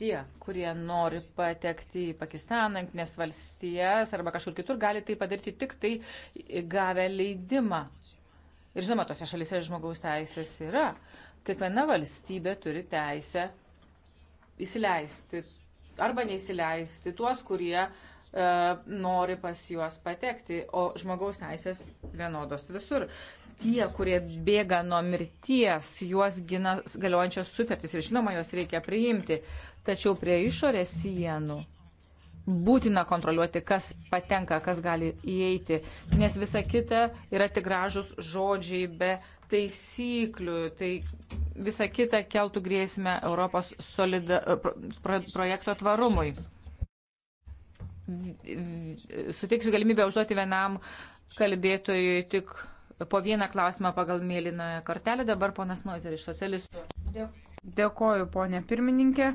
tie, kurie nori patekti į Pakistaną, Junktinės valstijas arba kažkur kitur, gali tai padaryti tik tai gavę leidimą. Ir žinoma, tose šalise žmogaus teisės yra. Kiekviena valstybė turi teisę įsileisti arba neįsileisti tuos, kurie uh, nori pas juos patekti, o žmogaus teisės vienodos visur tie, kurie bėga nuo mirties, juos gina galiojančios sutartys ir žinoma, juos reikia priimti. Tačiau prie išorės sienų būtina kontroliuoti, kas patenka, kas gali įeiti, nes visa kita yra tik gražus žodžiai be taisyklių. Tai visa kita keltų grėsmę Europos solida, pro, projekto tvarumui. Suteiksiu galimybę užduoti vienam kalbėtojui tik po vieną klausimą pagal mėlyną kortelę. Dabar ponas Noizer iš socialistų. Dėkoju, ponė pirmininkė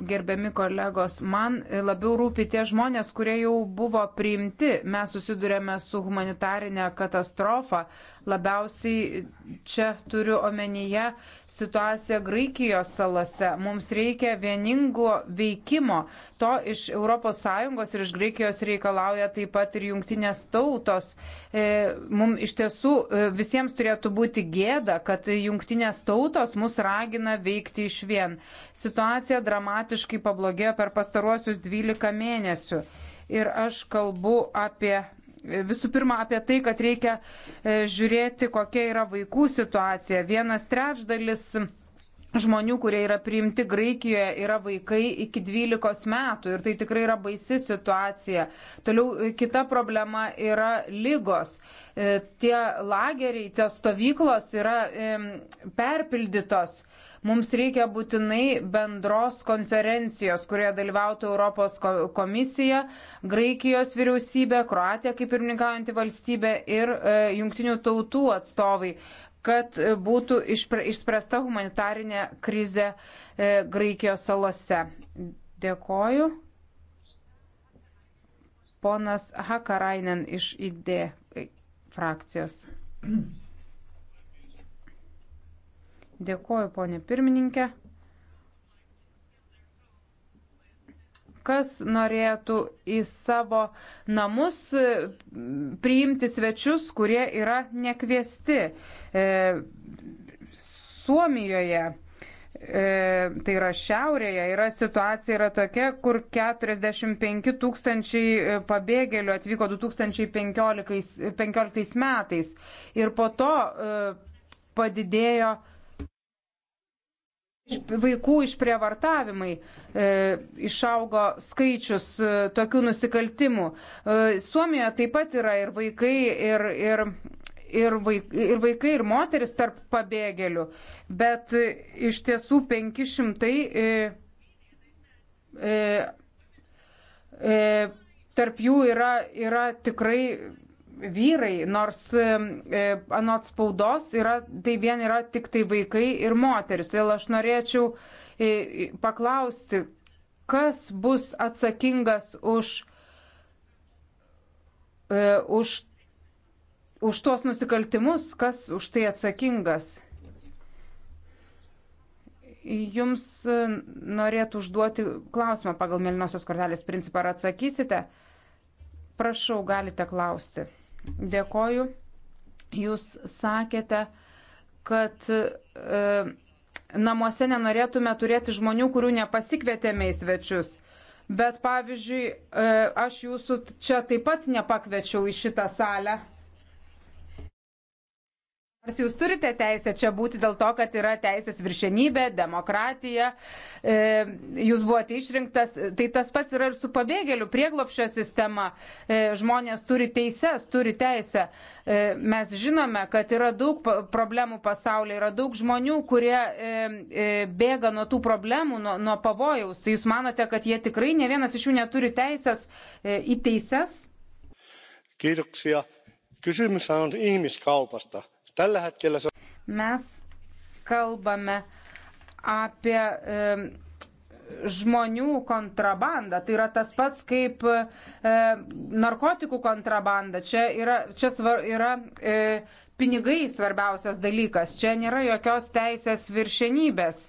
gerbiami kolegos, man labiau rūpi tie žmonės, kurie jau buvo priimti. Mes susidurėme su humanitarinė katastrofa. Labiausiai čia turiu omenyje situaciją Graikijos salose. Mums reikia vieningo veikimo. To iš ES ir iš Graikijos reikalauja taip pat ir jungtinės tautos. E, Mums iš tiesų e, visiems turėtų būti gėda, kad jungtinės tautos mus ragina veikti iš vien. Situacija dramatiška dramatiškai pablogėjo per pastaruosius 12 mėnesių. Ir aš kalbu apie visų pirma apie tai, kad reikia e, žiūrėti, kokia yra vaikų situacija. Vienas trečdalis žmonių, kurie yra priimti Graikijoje, yra vaikai iki 12 metų ir tai tikrai yra baisi situacija. Toliau e, kita problema yra lygos. E, tie lageriai, tie stovyklos yra perpildytos. Mums reikia būtinai bendros konferencijos, kurioje dalyvautų Europos komisija, Graikijos vyriausybė, Kroatija kaip pirmininkaujanti valstybė ir e, jungtinių tautų atstovai kad būtų išspręsta humanitarinė krize Graikijos salose. Dėkoju. Ponas Hakarainen iš ID frakcijos. Dėkoju, ponė pirmininkė. kas norėtų į savo namus priimti svečius, kurie yra nekviesti. E, Suomijoje e, tai yra šiaurėje, yra situacija yra tokia, kur 45 tūkstančiai e, pabėgėlių atvyko 2015 e, metais ir po to e, padidėjo Vaikų išprievartavimai e, išaugo skaičius e, tokių nusikaltimų. E, Suomijoje taip pat yra ir vaikai, ir, ir, ir, vaik, ir vaikai, ir moteris tarp pabėgėlių. Bet e, iš tiesų 500 e, e, e, tarp jų yra, yra tikrai vyrai, nors e, anot spaudos yra, tai vien yra tik tai vaikai ir moteris. Todėl aš norėčiau e, paklausti, kas bus atsakingas už, e, už, už tuos nusikaltimus, kas už tai atsakingas. Jums norėtų užduoti klausimą pagal mėlynosios kortelės principą, ar atsakysite? Prašau, galite klausti. Dėkoju. Jūs sakėte, kad e, namuose nenorėtume turėti žmonių, kurių nepasikvietėme į svečius. Bet pavyzdžiui, e, aš jūsų čia taip pat nepakviečiau į šitą salę. Nors jūs turite teisę čia būti dėl to, kad yra teisės viršenybė, demokratija, e, jūs buvote išrinktas, tai tas pats yra ir su pabėgėlių prieglopšio sistema. E, žmonės turi teises, turi teisę. E, mes žinome, kad yra daug problemų pasaulyje, yra daug žmonių, kurie e, e, bėga nuo tų problemų, nuo, nuo pavojaus. Tai jūs manote, kad jie tikrai ne vienas iš jų neturi teisės e, į teises? Kiitoksia. Kysymys on ihmiskaupasta Mes kalbame apie e, žmonių kontrabandą. Tai yra tas pats kaip e, narkotikų kontrabanda. Čia yra, čia svar, yra e, pinigai svarbiausias dalykas. Čia nėra jokios teisės viršenybės.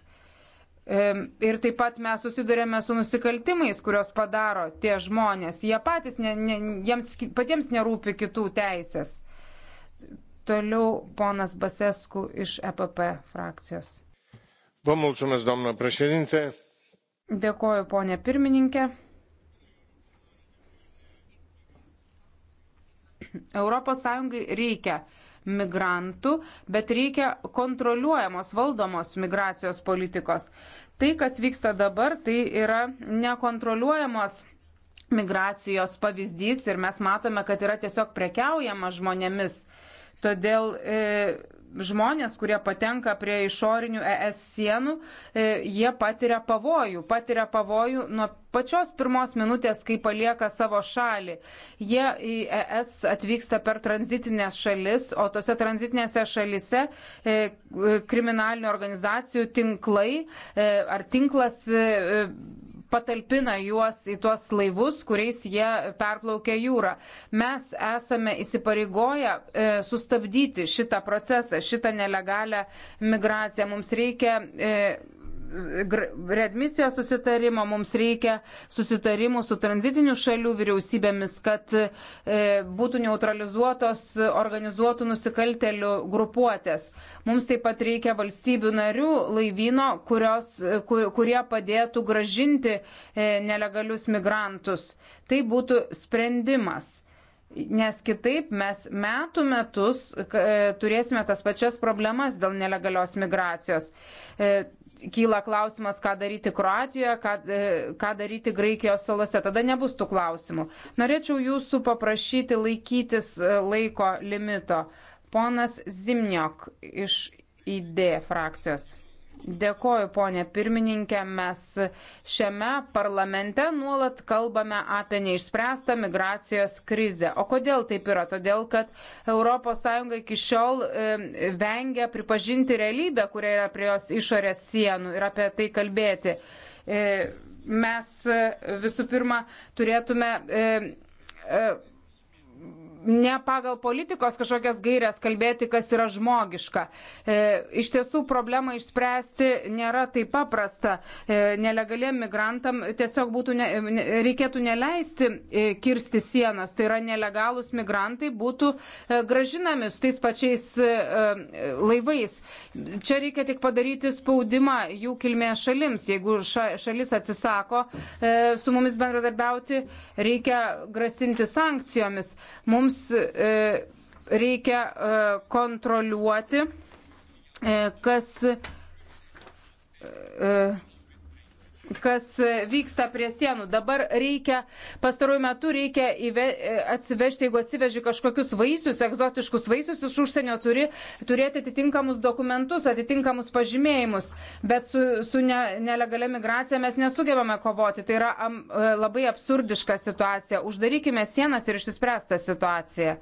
Ir taip pat mes susidurėme su nusikaltimais, kurios padaro tie žmonės. Jie patys, ne, ne, jiems patiems nerūpi kitų teisės. Toliau ponas Basescu iš EPP frakcijos. Vă mulțumesc, doamnă președinte. Dėkoju, ponė pirmininkė. Europos Sąjungai reikia migrantų, bet reikia kontroliuojamos, valdomos migracijos politikos. Tai, kas vyksta dabar, tai yra nekontroliuojamos migracijos pavyzdys ir mes matome, kad yra tiesiog prekiaujama žmonėmis. Uh, Todėl e, žmonės, kurie patenka prie išorinių ES sienų, e, jie patiria pavojų, patiria pavojų nuo pačios pirmos minutės, kai palieka savo šalį. Jie į ES atvyksta per tranzitinės šalis, o tose tranzitinėse šalise e, e, kriminalinių organizacijų tinklai ar tinklas patalpina juos į tuos laivus, kuriais jie perplaukia jūrą. Mes esame įsipareigoję e, sustabdyti šitą procesą, šitą nelegalę migraciją. Mums reikia e, readmisijos susitarimo, mums reikia susitarimų su tranzitinių šalių vyriausybėmis, kad e, būtų neutralizuotos organizuotų nusikaltelių grupuotės. Mums taip pat reikia valstybių narių laivyno, kurios, kur, kurie padėtų gražinti e, nelegalius migrantus. Tai būtų sprendimas. Nes kitaip mes metų metus e, turėsime tas pačias problemas dėl nelegalios migracijos. E, kyla klausimas, ką daryti Kroatijoje, ką, e, ką daryti Graikijos salose. Tada nebus tų klausimų. Norėčiau jūsų paprašyti laikytis e, laiko limito. Ponas Zimniok iš ID frakcijos. Dėkoju, ponė pirmininkė. Mes šiame parlamente nuolat kalbame apie neišspręstą migracijos krizę. O kodėl taip yra? Todėl, kad ES iki šiol e, vengia pripažinti realybę, kuria yra prie jos išorės sienų ir apie tai kalbėti. E, mes e, visų pirma turėtume. E, e, ne pagal politikos kažkokias gairias kalbėti, kas yra žmogiška. E, iš tiesų problemą išspręsti nėra taip paprasta. E, nelegaliem migrantam tiesiog būtų ne, ne, reikėtų neleisti e, kirsti sienas. Tai yra nelegalus migrantai būtų e, gražinami su tais pačiais e, e, laivais. Čia reikia tik padaryti spaudimą jų kilmės šalims. Jeigu ša, šalis atsisako e, su mumis bendradarbiauti, reikia grasinti sankcijomis. Mums mums e, reikia e, kontroliuoti, e, kas kas vyksta prie sienų. Dabar reikia, pastaruoju metu reikia įve, atsivežti, jeigu atsiveži kažkokius vaisius, egzotiškus vaisius iš užsienio, turi turėti atitinkamus dokumentus, atitinkamus pažymėjimus. Bet su, su ne, nelegalia migracija mes nesugebame kovoti. Tai yra am, labai absurdiška situacija. Uždarykime sienas ir išsispręsta situacija.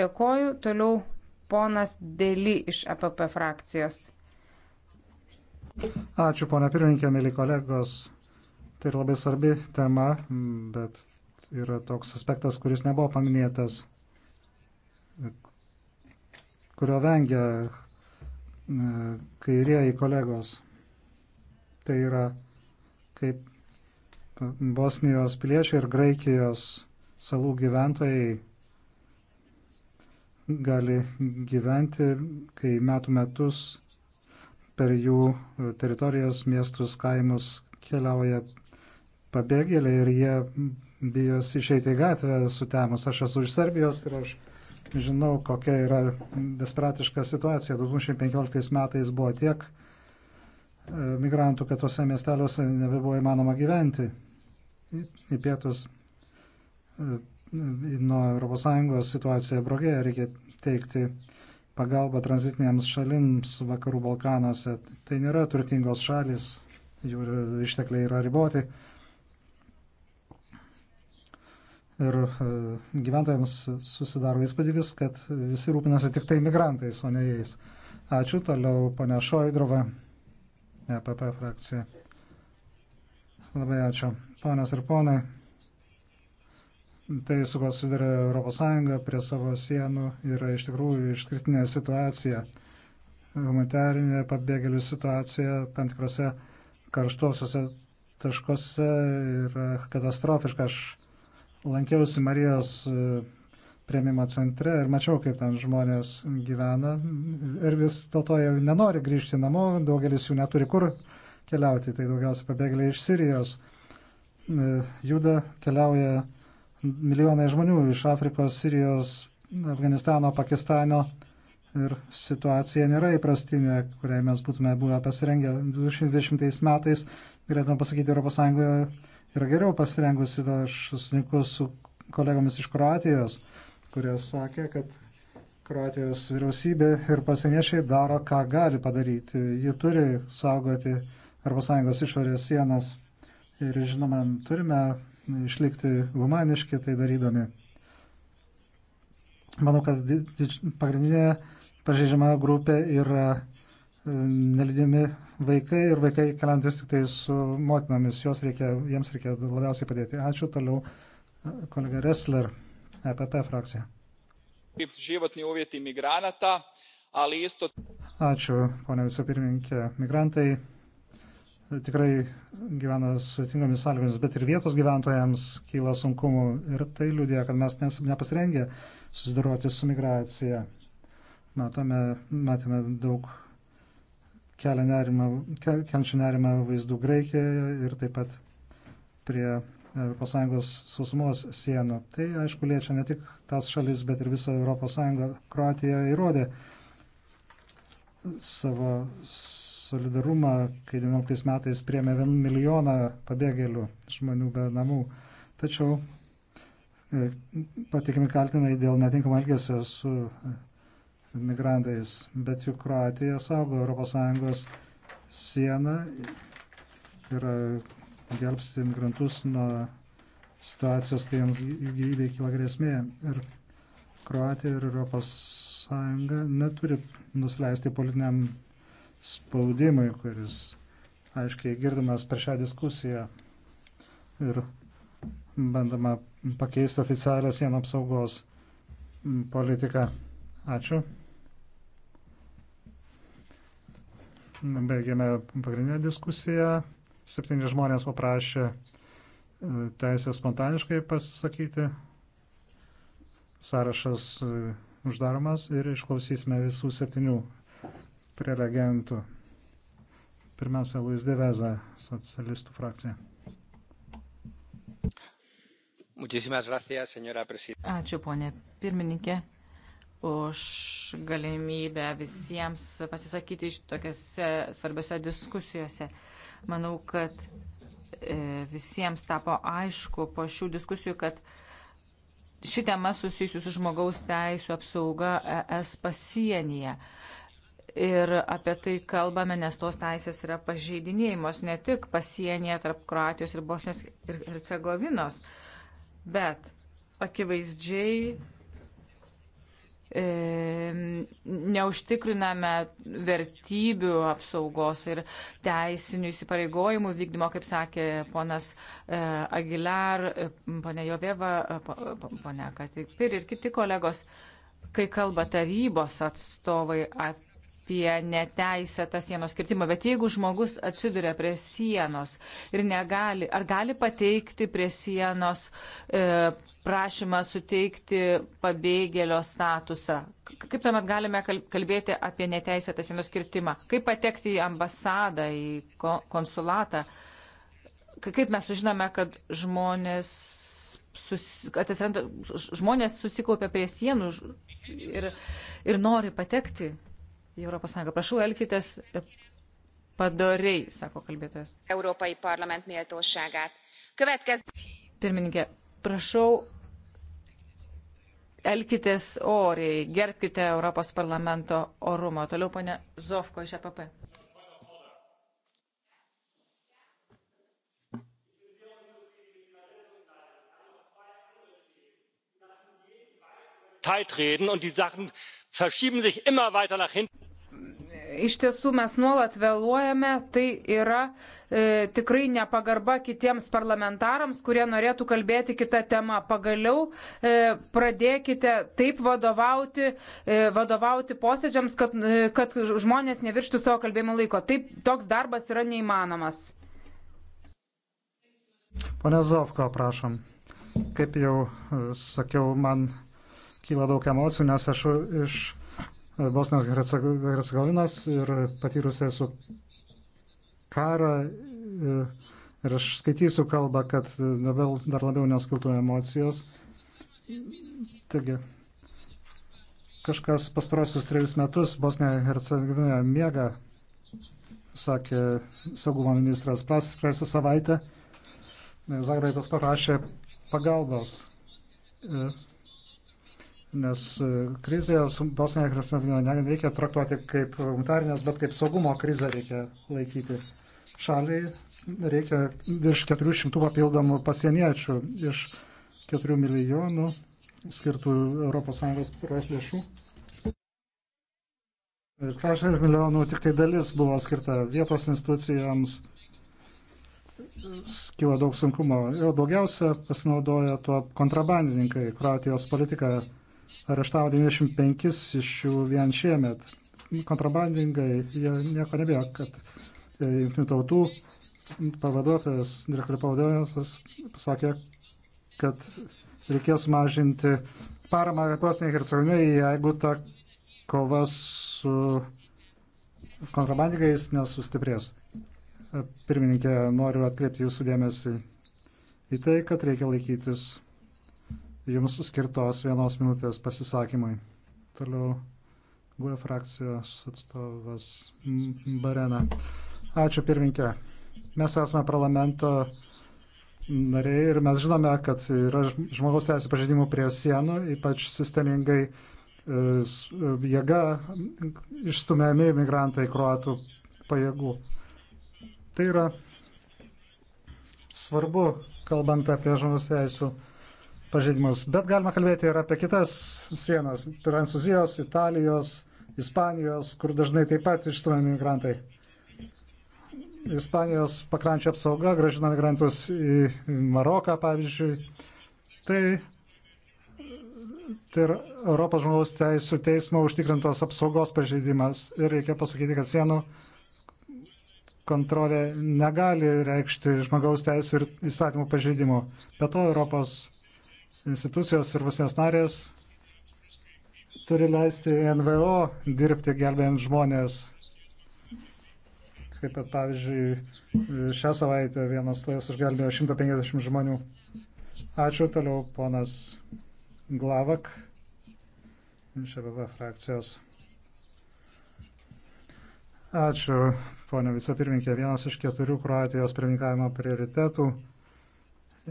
Dėkoju. Toliau ponas Deli iš APP e frakcijos. Ačiū, ponia pirmininkė, mėly kolegos. Tai yra labai svarbi tema, bet yra toks aspektas, kuris nebuvo paminėtas, kurio vengia e, kairieji kolegos. Tai yra kaip e, Bosnijos piliečiai ir Graikijos salų gyventojai gali gyventi, kai metų metus per jų e, teritorijos, miestus, kaimus keliauja pabėgėliai ir jie bijos išeiti į gatvę sutemus. Aš esu iš Serbijos ir aš žinau, kokia yra desperatiška situacija. 2015 metais buvo tiek e, migrantų, kad tuose miesteliuose nebebuvo įmanoma gyventi. Į pietus e, nuo ES situacija brogėja, reikia teikti pagalba tranzitinėms šalims vakarų Balkanuose. Tai nėra turtingos šalis, jų ištekliai yra riboti. Ir e, gyventojams susidaro įspūdis, kad visi rūpinasi tik tai migrantais, o ne jais. Ačiū toliau, ponia Šoidrova, EPP frakcija. Labai ačiū. Ponios ir ponai tai, su kuo sudarė ES prie savo sienų, yra iš tikrųjų iškritinė situacija. Humanitarinė pabėgėlių situacija tam tikrose karštuosiuose taškuose yra katastrofiška. Aš lankiausi Marijos e, prieimimo centre ir mačiau, kaip ten žmonės gyvena ir vis dėlto jie nenori grįžti namo, daugelis jų neturi kur keliauti, tai daugiausia pabėgėliai iš Sirijos e, juda, keliauja milijonai žmonių iš Afrikos, Sirijos, Afganistano, Pakistano ir situacija nėra įprastinė, kuriai mes būtume buvę pasirengę 2020 metais. Galėtume pasakyti, ES yra geriau pasirengusi, aš susinku su kolegomis iš Kroatijos, kurie sakė, kad Kroatijos vyriausybė ir pasieniečiai daro, ką gali padaryti. Ji turi saugoti ES išorės sienas. Ir žinoma, turime išlikti humaniški tai darydami. Manau, kad pagrindinė pažeidžiama grupė yra e, nelydimi vaikai ir vaikai keliantis tik tai su motinomis. Jos reikia, jiems reikia labiausiai padėti. Ačiū toliau e, kolega Ressler, EPP frakcija. Ačiū, ponia visą pirmininkę. Migrantai tikrai gyvena sudėtingomis sąlygomis, bet ir vietos gyventojams kyla sunkumų ir tai liūdė, kad mes nesame nepasirengę susidoroti su migracija. Matome, matėme daug kelia nerima, kel, kelčių nerimą vaizdų Graikijoje ir taip pat prie ES sausumos sienų. Tai aišku liečia ne tik tas šalis, bet ir visą ES. Kroatija įrodė savo solidarumą, kai 19 metais priemė 1 milijoną pabėgėlių žmonių be namų. Tačiau e, patikimi kaltinimai dėl netinkamo elgesio su e, migrantais, bet juk Kroatija saugo ES sieną ir gelbsti migrantus nuo situacijos, kai jiems gyvybė kyla grėsmė. Ir Kroatija ir ES neturi nusileisti politiniam spaudimui, kuris aiškiai girdimas per šią diskusiją ir bandama pakeisti oficialią sienų apsaugos politiką. Ačiū. Baigėme pagrindinę diskusiją. Septyni žmonės paprašė e, teisę spontaniškai pasisakyti. Sąrašas e, uždaromas ir išklausysime visų septynių prie reagentų. Pirmiausia, Luis Deveza, socialistų frakcija. Gracias, Ačiū, ponė pirmininkė, už galimybę visiems pasisakyti iš tokiose svarbiose diskusijose. Manau, kad e, visiems tapo aišku po šių diskusijų, kad ši tema susijusi su žmogaus teisų apsauga ES pasienyje. Ir apie tai kalbame, nes tos teisės yra pažeidinėjimos ne tik pasienyje tarp Kroatijos ir Bosnijos ir Hercegovinos, bet akivaizdžiai e, neužtikriname vertybių apsaugos ir teisinių įsipareigojimų vykdymo, kaip sakė ponas e, Aguilar, e, ponė Joveva, e, ponė Katikpir ir kiti kolegos, kai kalba tarybos atstovai apie apie neteisėtą sienos kirtimą, bet jeigu žmogus atsiduria prie sienos ir negali, ar gali pateikti prie sienos e, prašymą suteikti pabėgėlio statusą? Kaip tuomet galime kalbėti apie neteisėtą sienos kirtimą? Kaip patekti į ambasadą, į konsulatą? Kaip mes sužinome, kad žmonės sus, atsiranda, žmonės susikaupia prie sienų ir, ir nori patekti į Europos Sąjungą. Prašau, elkitės padoriai, sako kalbėtojas. Europai parlament mėtošagat. Következ... Pirmininkė, prašau, elkitės oriai, gerbkite Europos parlamento orumą. Toliau, ponė Zovko iš EPP. zeit reden und die sachen verschieben sich immer weiter nach hinten iš tiesų mes nuolat vėluojame, tai yra e, tikrai nepagarba kitiems parlamentarams, kurie norėtų kalbėti kitą temą. Pagaliau e, pradėkite taip vadovauti, e, vadovauti posėdžiams, kad, e, kad žmonės nevirštų savo kalbėjimo laiko. Taip toks darbas yra neįmanomas. Pane Zovko, prašom. Kaip jau e, sakiau, man kyla daug emocijų, nes aš iš Bosnijos Hercegovinas ir patyrusią su karą. E, ir aš skaitysiu kalbą, kad dabar dar labiau neskiltų emocijos. Taigi, kažkas pastarosius trejus metus Bosnijoje Hercegovinoje miega, sakė saugumo ministras praėjusią savaitę. Zagrebas parašė pagalbos. E, nes e, krizės Bosnija ir Hercegovina nereikia traktuoti kaip humanitarinės, bet kaip saugumo krizę reikia laikyti. Šaliai reikia virš 400 papildomų pasieniečių iš 4 milijonų skirtų ES lėšų. Ir 40 milijonų tik tai dalis buvo skirta vietos institucijoms. Kilo daug sunkumo. Jau daugiausia pasinaudoja tuo kontrabandininkai, Kroatijos politika areštavo 95 iš jų vien šiemet. Kontrabandingai jie nieko nebėjo, kad e, jungtinių tautų pavaduotojas, direktorių pavaduotojas pasakė, kad reikės mažinti paramą Bosnijai ir Hercegovinai, jeigu ta kova su kontrabandikais nesustiprės. Pirmininkė, noriu atkreipti jūsų dėmesį į tai, kad reikia laikytis jums skirtos vienos minutės pasisakymui. Toliau GUE frakcijos atstovas Barena. Ačiū pirminkė. Mes esame parlamento nariai ir mes žinome, kad yra žmogaus teisų pažeidimų prie sienų, ypač sistemingai e, e, jėga išstumiami imigrantai kruatų pajėgų. Tai yra svarbu, kalbant apie žmogaus teisų pažeidimų pažeidimus. Bet galima kalbėti ir apie kitas sienas - Prancūzijos, Italijos, Ispanijos, kur dažnai taip pat išstumiami migrantai. Ispanijos pakrančio apsauga gražina migrantus į Maroką, pavyzdžiui. Tai, tai yra Europos žmogaus teisų teismo užtikrintos apsaugos pažeidimas. Ir reikia pasakyti, kad sienų kontrolė negali reikšti žmogaus teisų ir įstatymų pažeidimų. Be to, Europos institucijos ir visas narės turi leisti NVO dirbti gelbėjant žmonės. Kaip pat, pavyzdžiui, šią savaitę vienas laivas išgelbėjo 150 žmonių. Ačiū toliau, ponas Glavak iš ABV frakcijos. Ačiū, ponė vicepirminkė. Vienas iš keturių Kroatijos pirmininkavimo prioritetų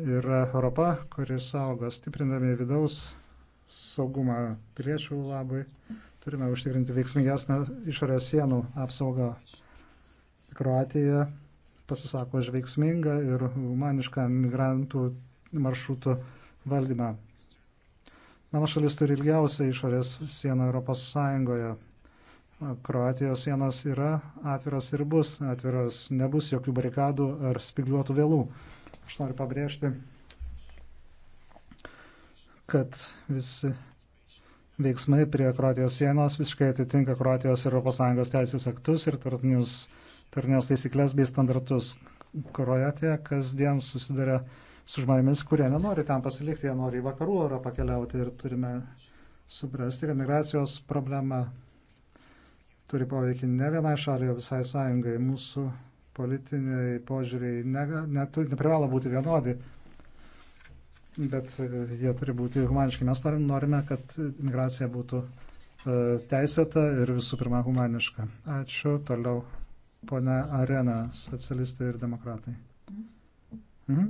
yra Europa, kuri saugo stiprindami vidaus saugumą piliečių labai. Turime užtikrinti veiksmingesnę išorės sienų apsaugą. Kroatija pasisako už veiksmingą ir humanišką migrantų maršrutų valdymą. Mano šalis turi ilgiausią išorės sieną Europos Sąjungoje. Kroatijos sienos yra atviros ir bus atviros, nebus jokių barikadų ar spigliuotų vėlų. Aš noriu pabrėžti, kad visi veiksmai prie Kroatijos sienos visiškai atitinka Kroatijos ir ES teisės aktus ir tarnės taisyklės bei standartus. Kroatija kasdien susiduria su žmonėmis, kurie nenori ten pasilikti, jie nori į vakarų Europą keliauti ir turime suprasti, kad migracijos problema turi poveikį ne vienai šaliai, o visai sąjungai. Mūsų politiniai požiūriai ne, ne, neprivalo būti vienodi, bet e, jie turi būti humaniški. Mes norim, norime, kad migracija būtų e, teisėta ir visų pirma humaniška. Ačiū. Toliau ponia Arena, socialistai ir demokratai. Mhm. mhm.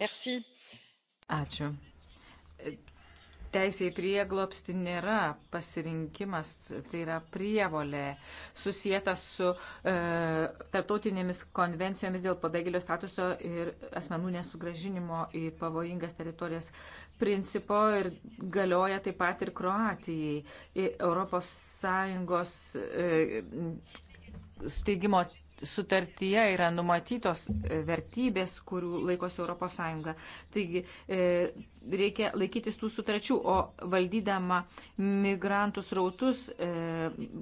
Merci. Ačiū Teisė į prieglopsti nėra pasirinkimas, tai yra prievolė susijęta su e, tarptautinėmis konvencijomis dėl pabėgėlio statuso ir asmenų nesugražinimo į pavojingas teritorijas principo ir galioja taip pat ir Kroatijai. Europos Sąjungos e, steigimo sutartyje yra numatytos e, vertybės, kurių laikosi ES. Taigi, e, reikia laikytis tų sutarčių, o valdydama migrantų srautus, e,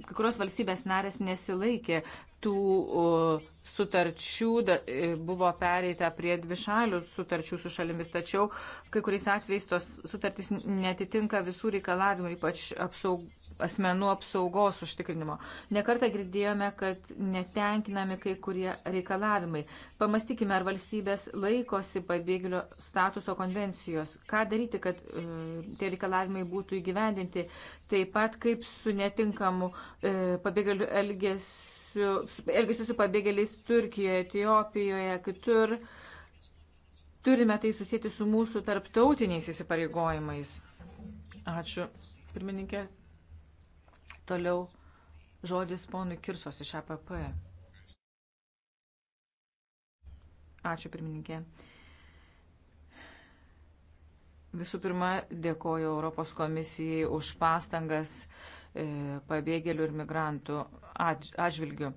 kai kurios valstybės narės nesilaikė tų o, sutarčių, da, e, buvo pereita prie dvišalių sutarčių su šalimis, tačiau kai kuriais atvejais tos sutartys netitinka visų reikalavimų, ypač apsaug, asmenų apsaugos užtikrinimo. Nekartą girdėjome, kad netenkinami kai kurie reikalavimai. Pamastykime, ar valstybės laikosi pabėgėlio statuso konvencijos, ką daryti, kad e, tie reikalavimai būtų įgyvendinti. Taip pat kaip su netinkamu e, pabėgėliu elgesiu, elgesiu su pabėgėliais Turkijoje, Etijopijoje, kitur. Turime tai susijęti su mūsų tarptautiniais įsipareigojimais. Ačiū, pirmininkė. Toliau žodis ponui Kirsos iš APP. Ačiū, pirmininkė. Uh, Visų pirma, dėkoju Europos komisijai už pastangas e, pabėgėlių ir migrantų atžvilgių.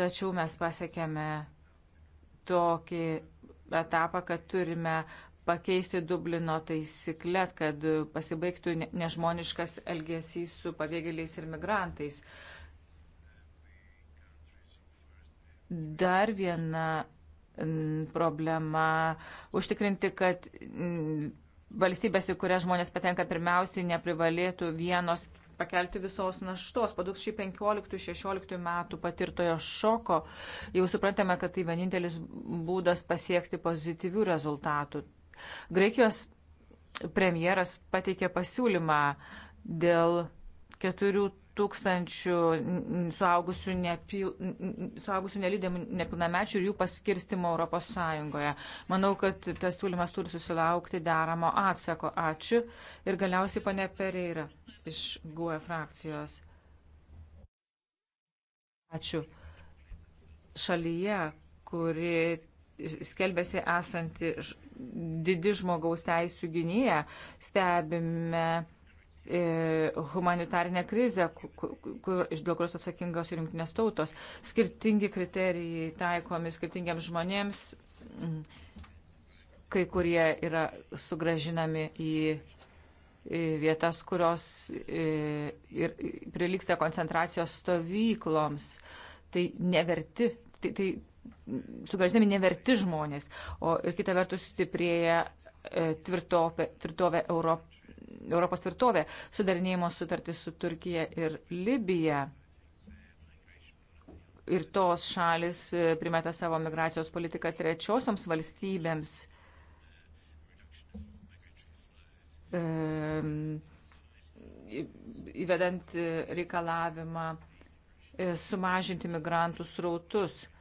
Tačiau mes pasiekėme tokį etapą, kad turime pakeisti Dublino taisyklės, kad pasibaigtų nežmoniškas elgesys su pabėgėliais ir migrantais. Dar viena problema, užtikrinti, kad valstybės, į kurias žmonės patenka pirmiausiai, neprivalėtų vienos pakelti visos naštos. Po 2015-2016 metų patirtojo šoko jau suprantame, kad tai vienintelis būdas pasiekti pozityvių rezultatų. Graikijos premjeras pateikė pasiūlymą dėl keturių tūkstančių suaugusių, nepil, suaugusių nelydėmų nepilnamečių ir jų paskirstimo Europos Sąjungoje. Manau, kad tas siūlymas turi susilaukti deramo atsako. Ačiū. Ir galiausiai pane Pereira iš GUE frakcijos. Ačiū. Šalyje, kuri skelbėsi esanti didi žmogaus teisų gynėja, stebime E, humanitarinę krizę, kur, dėl kurios atsakingos ir jungtinės tautos. Skirtingi kriterijai taikomi skirtingiams žmonėms, mm. kai kurie yra sugražinami į vietas, kurios e, ir priliksta koncentracijos stovykloms. Tai neverti, tai, tai sugražinami neverti žmonės, o ir kita vertus stiprėja tvirtovė, e, tvirtovė Europ, Europos tvirtovė, sudarinėjimo sutartis su Turkija ir Libija. Ir tos šalis e, primeta savo migracijos politiką trečiosioms valstybėms. Įvedant e, reikalavimą sumažinti migrantų srautus. E,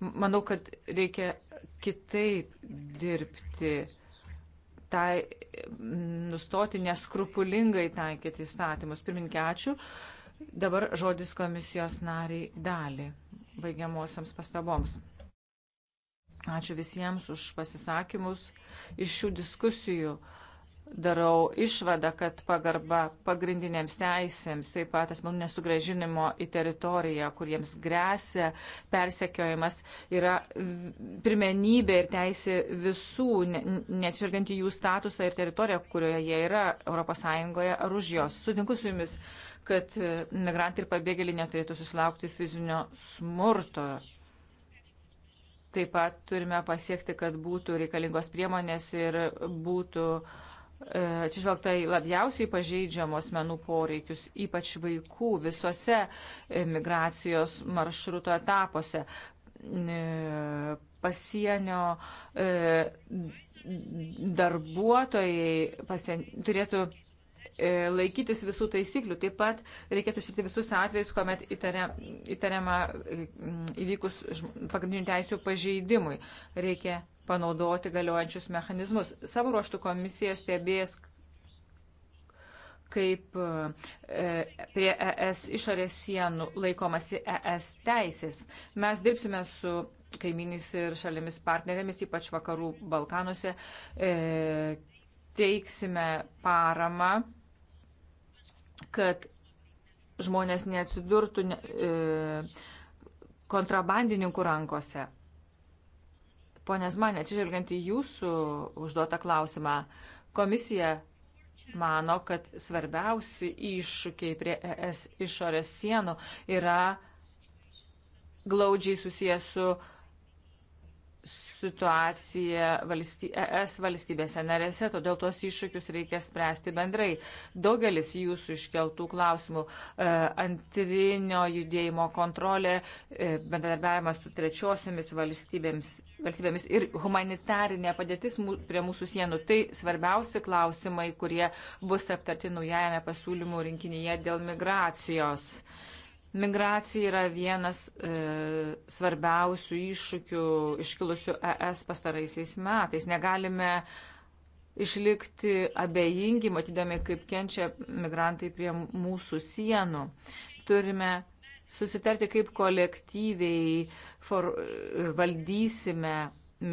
Manau, kad reikia kitaip dirbti, tai nustoti neskrupulingai taikyti įstatymus. Pirminkė, ačiū. Dabar žodis komisijos nariai dalį baigiamosiams pastaboms. Ačiū visiems už pasisakymus iš šių diskusijų. Uh, darau išvadą, kad pagarba pagrindinėms teisėms, taip pat asmenų nesugražinimo į teritoriją, kuriems grėsia persekiojimas, yra pirmenybė ir teisė visų, neatsižvelgiant į jų statusą ir teritoriją, kurioje jie yra ES ar už jos. Sutinku su jumis, kad e, migrantai ir pabėgėliai neturėtų susilaukti fizinio smurto taip pat turime pasiekti, kad būtų reikalingos priemonės ir būtų uh, E, atsižvelgta į labiausiai pažeidžiamos menų poreikius, ypač vaikų visose migracijos maršruto etapuose e, pasienio e, darbuotojai pasien, turėtų laikytis visų taisyklių. Taip pat reikėtų šiti visus atvejus, kuomet įtariama įvykus pagrindinių teisų pažeidimui. Reikia panaudoti galiojančius mechanizmus. Savo ruoštų komisija stebės, kaip e, prie ES išorės sienų laikomasi ES teisės. Mes dirbsime su kaimynys ir šalimis partnerėmis, ypač vakarų Balkanuose, e, teiksime paramą, kad žmonės neatsidurtų e, kontrabandininkų rankose. Ponės man, atsižvelgiant į jūsų užduotą klausimą, komisija mano, kad svarbiausi iššūkiai prie ES išorės sienų yra glaudžiai susijęs su situacija valsty, ES valstybėse narėse, todėl tuos iššūkius reikia spręsti bendrai. Daugelis jūsų iškeltų klausimų e, antrinio judėjimo kontrolė, e, bendradarbiavimas su trečiosiamis valstybėmis, valstybėmis ir humanitarinė padėtis mū, prie mūsų sienų - tai svarbiausi klausimai, kurie bus aptarti naujajame pasiūlymų rinkinyje dėl migracijos. E, Migracija yra vienas e, svarbiausių iššūkių iškilusių ES pastaraisiais metais. Negalime išlikti abejingi, matydami, kaip kenčia migrantai prie mūsų sienų. Turime susitarti, kaip kolektyviai for, valdysime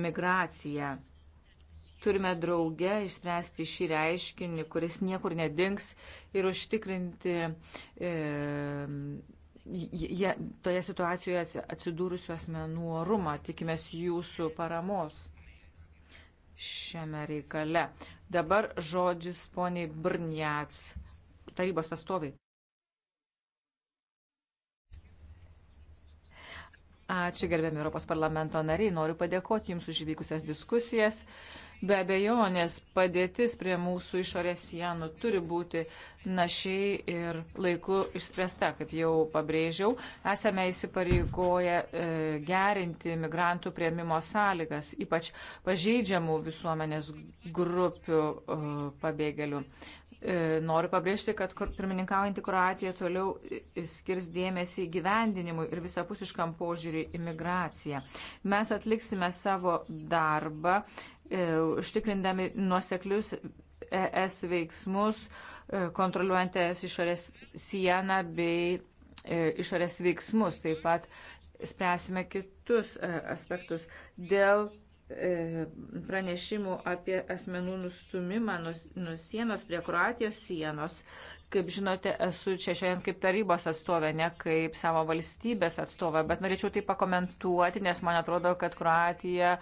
migraciją. Turime drauge išspręsti šį reiškinį, kuris niekur nedings ir užtikrinti e, jie, toje situacijoje atsidūrusių asmenų orumą. Tikimės jūsų paramos šiame reikale. Dabar žodžius poniai Brnjats, tarybos atstovai. Ačiū gerbėmi Europos parlamento nariai. Noriu padėkoti Jums už įvykusias diskusijas. Be abejonės padėtis prie mūsų išorės sienų turi būti našiai ir laiku išspręsta, kaip jau pabrėžiau. Esame įsipareigoję e, gerinti migrantų prieimimo sąlygas, ypač pažeidžiamų visuomenės grupių e, pabėgėlių. E, noriu pabrėžti, kad pirmininkaujantį Kroatiją toliau skirs dėmesį gyvendinimui ir visapusiškam požiūriui imigraciją. Mes atliksime savo darbą, e, užtikrindami nuoseklius ES veiksmus, e, kontroliuojant ES išorės sieną bei išorės veiksmus. Taip pat spręsime kitus aspektus dėl E, pranešimų apie asmenų nustumimą nus, nus sienos prie Kroatijos sienos. Kaip žinote, esu čia šiandien kaip tarybos atstovė, ne kaip savo valstybės atstovė, bet norėčiau tai pakomentuoti, nes man atrodo, kad Kroatija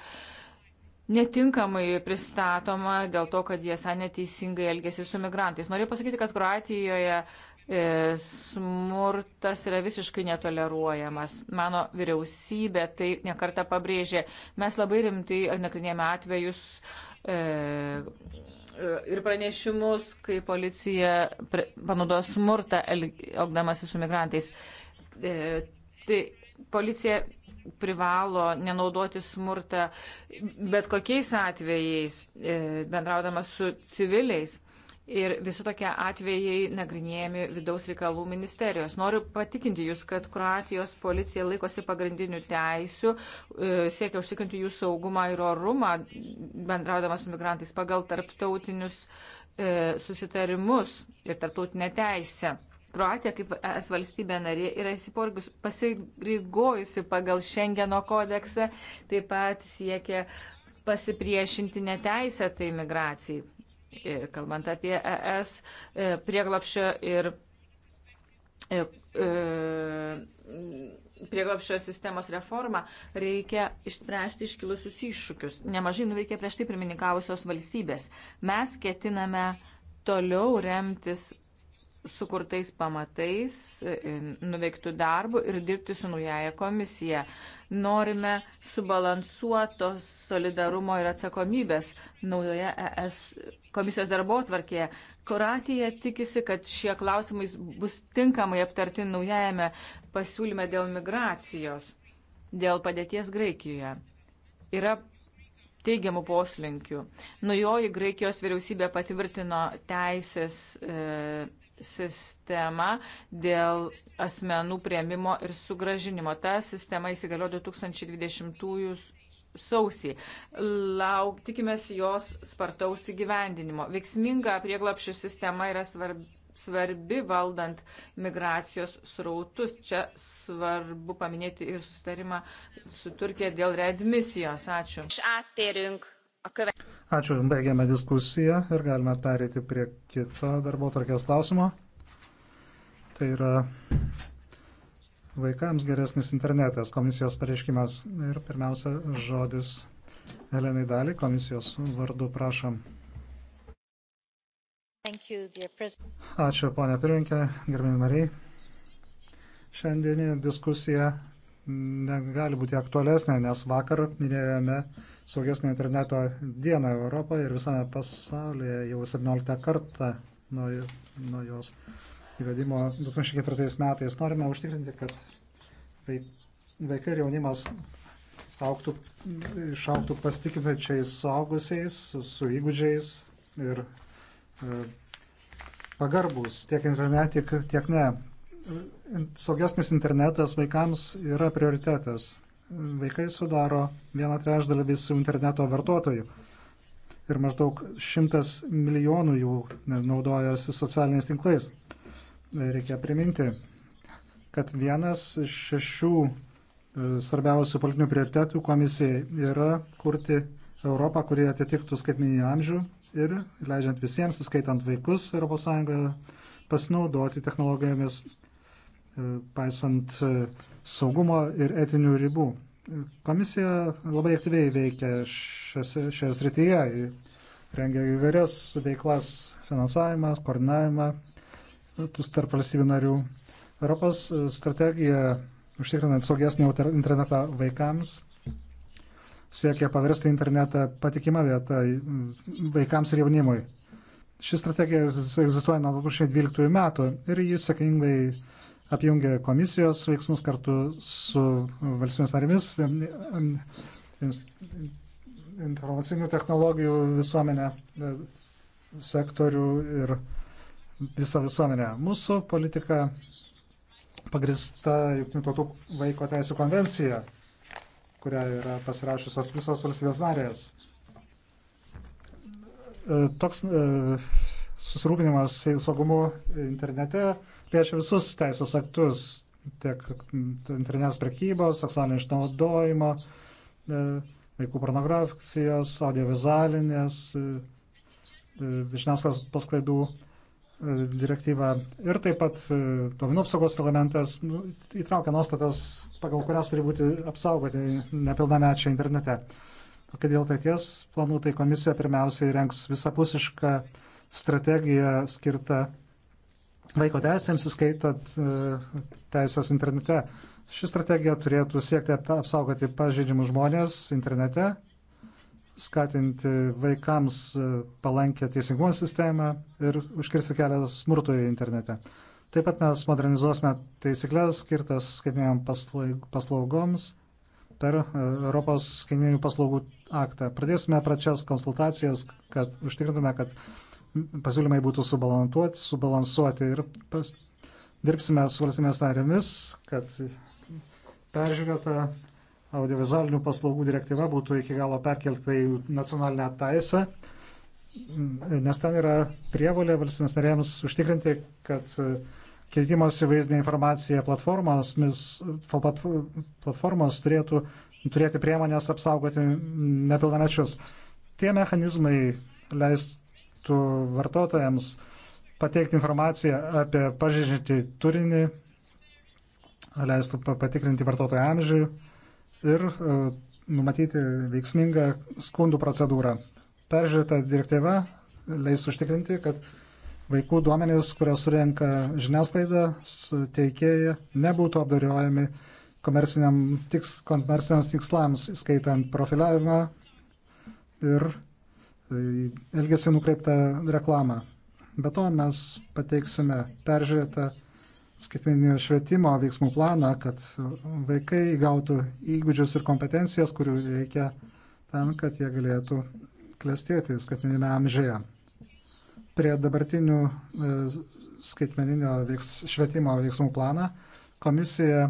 netinkamai pristatoma dėl to, kad jie esą neteisingai elgėsi su migrantais. Noriu pasakyti, kad Kroatijoje uh, E, smurtas yra visiškai netoleruojamas. Mano vyriausybė tai nekarta pabrėžė. Mes labai rimtai nagrinėjame atvejus e, e ir pranešimus, kai policija panaudoja smurtą, elgdamasi su migrantais. E, tai policija privalo nenaudoti smurtą bet kokiais atvejais, e, bendraudama su civiliais ir visi tokie atvejai nagrinėjami vidaus reikalų ministerijos. Noriu patikinti Jūs, kad Kroatijos policija laikosi pagrindinių teisių, e, siekia užtikrinti jų saugumą ir orumą, bendraudama su migrantais pagal tarptautinius e, susitarimus ir tarptautinę teisę. Kroatija kaip es valstybė narė yra pasireigojusi pagal Šengeno kodeksą, taip pat siekia pasipriešinti neteisėtai migracijai. E, kalbant apie ES e, prieglapšio ir e, prieglapščio sistemos reformą, reikia išspręsti iškilusius iššūkius. Nemažai nuveikė prieš tai pirmininkavusios valstybės. Mes ketiname toliau remtis sukurtais pamatais, e, e, nuveiktų darbų ir dirbti su naujaja komisija. Norime subalansuotos solidarumo ir atsakomybės naujoje ES komisijos darbo atvarkėje. Kroatija tikisi, kad šie klausimai bus tinkamai aptarti naujajame pasiūlyme dėl migracijos, dėl padėties Graikijoje. Yra teigiamų poslinkių. Naujoji Graikijos vyriausybė patvirtino teisės. E, sistemą dėl asmenų prieimimo ir sugražinimo. Ta sistema įsigaliojo 2020 sausį. Lauk, tikimės jos spartaus įgyvendinimo. Veiksminga prieglapšių sistema yra svarbi svarbi valdant migracijos srautus. Čia svarbu paminėti ir sustarimą su Turkija dėl readmisijos. Ačiū. Áttérünk Ačiū, baigėme diskusiją ir galime pereiti prie kito darbo tvarkės klausimo. Tai yra vaikams geresnis internetas, komisijos pareiškimas. Ir pirmiausia, žodis Elenai Dali, komisijos vardu prašom. You, Ačiū, ponė pirminkė, gerbėjai nariai. Šiandienį diskusiją negali būti aktualesnė, nes vakar minėjome saugesnio interneto dieną Europoje ir visame pasaulyje jau 17 kartą nuo, nuo jos įvedimo 2004 metais. Norime užtikrinti, kad vaikai ir jaunimas auktų, išauktų pasitikinančiais suaugusiais, su, su įgūdžiais ir e, pagarbus tiek internete, tiek, tiek ne saugesnis internetas vaikams yra prioritetas. Vaikai sudaro vieną trečdalį visų interneto vartotojų ir maždaug šimtas milijonų jų naudojasi socialiniais tinklais. Reikia priminti, kad vienas iš šešių e, svarbiausių politinių prioritetų komisijai yra kurti Europą, kurie atitiktų skaitminį amžių ir leidžiant visiems, įskaitant vaikus ES, pasinaudoti technologijomis E, paisant e, saugumo ir etinių ribų. Komisija labai aktyviai veikia šioje srityje, rengia įvairias veiklas, finansavimą, koordinavimą tarp valstybių narių. Europos strategija užtikrinant saugesnį internetą vaikams siekia paversti internetą patikimą vietą vaikams ir jaunimui. Ši strategija egzistuoja nuo 2012 metų ir jis sėkmingai apjungia komisijos veiksmus kartu su valstybės narėmis, informacinių technologijų visuomenę, e, sektorių ir visą visuomenę. Mūsų politika pagrista Junktinių tautų vaiko teisų konvencija, kurią yra pasirašusios visos valstybės narės. E, toks e, susirūpinimas saugumu internete liečia visus teisės aktus, tiek internetinės prekybos, seksualinio išnaudojimo, e, vaikų pornografijos, audiovizualinės, e, e, žiniasklaidos pasklaidų direktyva ir taip pat duomenų apsaugos reglamentas nu, įtraukia nuostatas, pagal kurias turi būti apsaugoti nepilnamečiai internete. O kai dėl taities planų, tai komisija pirmiausiai renks visapusišką strategija skirta vaiko teisėms, įskaitant e, teisės internete. Ši strategija turėtų siekti apsaugoti pažeidžiamus žmonės internete, skatinti vaikams e, palankę teisingumo sistemą ir užkirsti kelią smurtui internete. Taip pat mes modernizuosime taisyklės skirtas skaitmėjom paslaugoms per e, Europos skaitmėjų paslaugų aktą. Pradėsime pračias konsultacijas, kad užtikrintume, kad pasiūlymai būtų subalansuoti, subalansuoti ir pas, dirbsime su valstybės narėmis, kad peržiūrėta audiovizualinių paslaugų direktyva būtų iki galo perkelta į nacionalinę teisę, nes ten yra prievolė valstybės narėms užtikrinti, kad keitimosi vaizdinė informacija platformos, mis, platformos turėtų turėti priemonės apsaugoti nepilnamečius. Tie mechanizmai leis reikėtų vartotojams pateikti informaciją apie pažeidžiantį turinį, leistų patikrinti vartotojų amžių ir e, numatyti veiksmingą skundų procedūrą. Peržiūrėta direktyva leis užtikrinti, kad vaikų duomenys, kurios surenka žiniasklaida, teikėja, nebūtų apdariojami komerciniams tiks, tikslams, skaitant profiliavimą ir Tai elgesi nukreiptą reklamą. Be to mes pateiksime peržiūrėtą skaitmeninio švietimo veiksmų planą, kad vaikai gautų įgūdžius ir kompetencijas, kurių reikia tam, kad jie galėtų klestėti skaitmeninėme amžiuje. Prie dabartinių e, skaitmeninio veiks, švietimo veiksmų planą komisija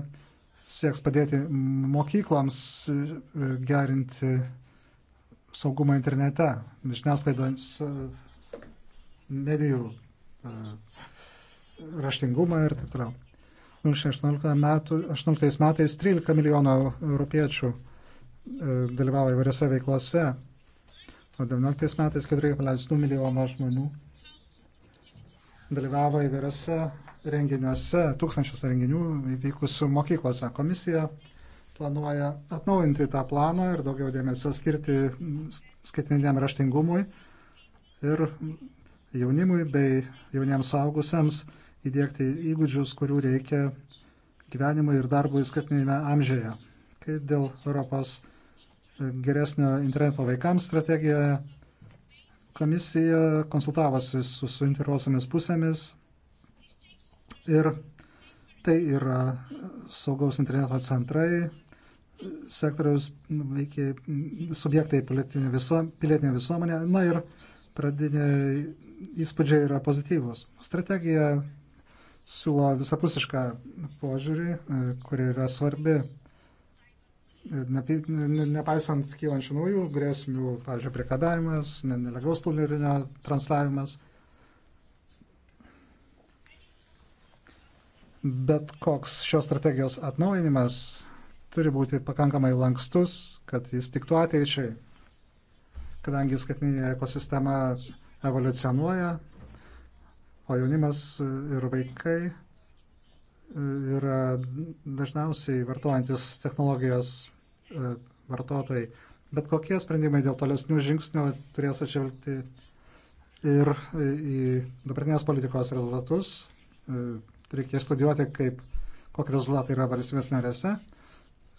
sieks padėti mokykloms e, gerinti saugumą internete, žiniasklaidos e, medijų e, raštingumą ir taip toliau. 2018 metų, 18 metais 13 milijonų europiečių e, dalyvavo įvairiose veiklose, o 19 metais 4,2 milijono žmonių dalyvavo įvairiose renginiuose, tūkstančiuose renginių vykusių mokyklose. Komisija planuoja atnaujinti tą planą ir daugiau dėmesio skirti skaitmeniniam raštingumui ir jaunimui bei jauniems augusiems įdėkti įgūdžius, kurių reikia gyvenimui ir darbui skaitmeninėme amžiuje. Kai dėl Europos e, geresnio interneto vaikams strategijoje komisija konsultavosi su suinteresuotomis pusėmis ir tai yra saugaus interneto centrai, sektoriaus veikiai, subjektai pilietinė, viso, pilietinė visuomenė. Na ir pradiniai įspūdžiai yra pozityvus. Strategija siūlo visapusišką požiūrį, e, kuri yra svarbi, nepaisant kylančių naujų grėsmių, pavyzdžiui, priekabėjimas, nelegaus turinio translavimas. Bet koks šios strategijos atnaujinimas turi būti pakankamai lankstus, kad jis tiktų ateičiai. Kadangi skaitminė ekosistema evoliucionuoja, o jaunimas ir vaikai e, yra dažniausiai vartojantis technologijos e, vartotojai. Bet kokie sprendimai dėl tolesnių žingsnių turės atšvelgti ir į dabartinės politikos rezultatus. E, Reikės studijuoti, kaip, kokie rezultatai yra valstybės narėse.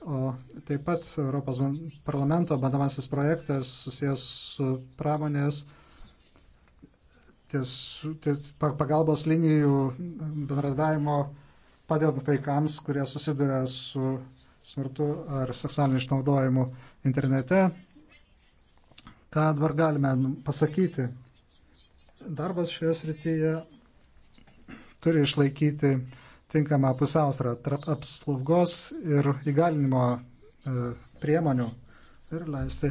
O taip pat Europos parlamento bandamasis projektas susijęs su pramonės ties, ties, pagalbos linijų bendradavimo padedant vaikams, kurie susiduria su smurtu ar seksualiniu išnaudojimu internete. Ką dabar galime pasakyti? Darbas šioje srityje turi išlaikyti tinkamą pusiausvyrą tarp apslaugos ir įgalinimo e, priemonių ir leisti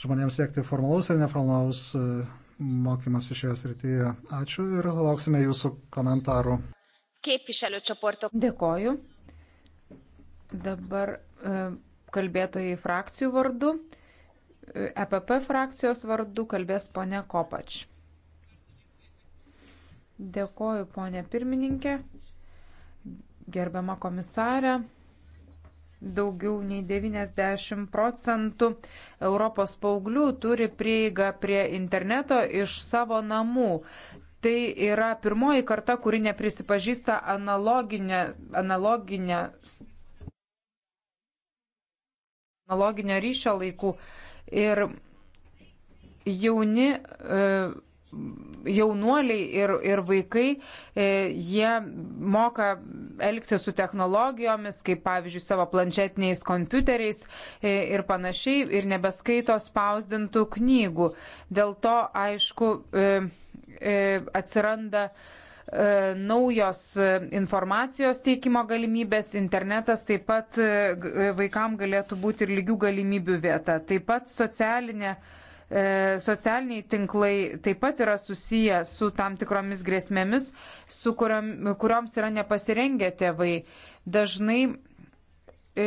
žmonėms siekti formalaus ir neformalaus e, mokymas šioje srityje. Ačiū ir lauksime jūsų komentarų. Dėkoju. Dabar e, kalbėtojai frakcijų vardu. EPP frakcijos vardu kalbės ponė Kopač. Dėkoju, ponė pirmininkė. Gerbiama komisarė, daugiau nei 90 procentų Europos paauglių turi prieigą prie interneto iš savo namų. Tai yra pirmoji karta, kuri neprisipažįsta analoginę, analoginę, analoginio ryšio laikų. Ir jauni e, jaunuoliai ir, ir vaikai, e, jie moka elgti su technologijomis, kaip pavyzdžiui savo planšetiniais kompiuteriais e, ir panašiai, ir nebeskaito spausdintų knygų. Dėl to, aišku, e, atsiranda naujos informacijos teikimo galimybės, internetas taip pat vaikam galėtų būti ir lygių galimybių vieta. Taip pat socialinė uh, E, socialiniai tinklai taip pat yra susiję su tam tikromis grėsmėmis, su kuriom, kurioms yra nepasirengę tėvai. Dažnai e,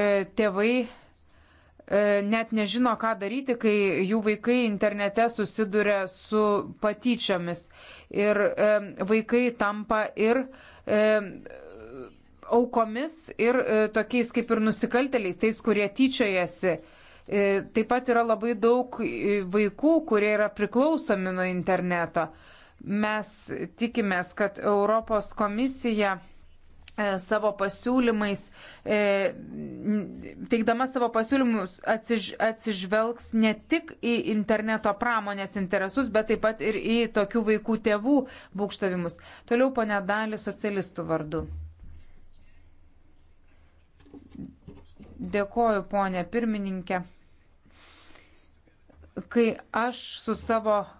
e tėvai e, net nežino, ką daryti, kai jų vaikai internete susiduria su patyčiomis. Ir vaikai tampa ir aukomis ir e, tokiais kaip ir nusikalteliais, tais, kurie tyčiojasi. E, taip pat yra labai daug e, vaikų, kurie yra priklausomi nuo interneto. Mes tikimės, kad Europos komisija savo pasiūlymais, teikdama savo pasiūlymus atsiž, atsižvelgs ne tik į interneto pramonės interesus, bet taip pat ir į tokių vaikų tėvų būkštavimus. Toliau ponė dalį socialistų vardu. Dėkoju, ponė pirmininkė. Kai aš su savo e,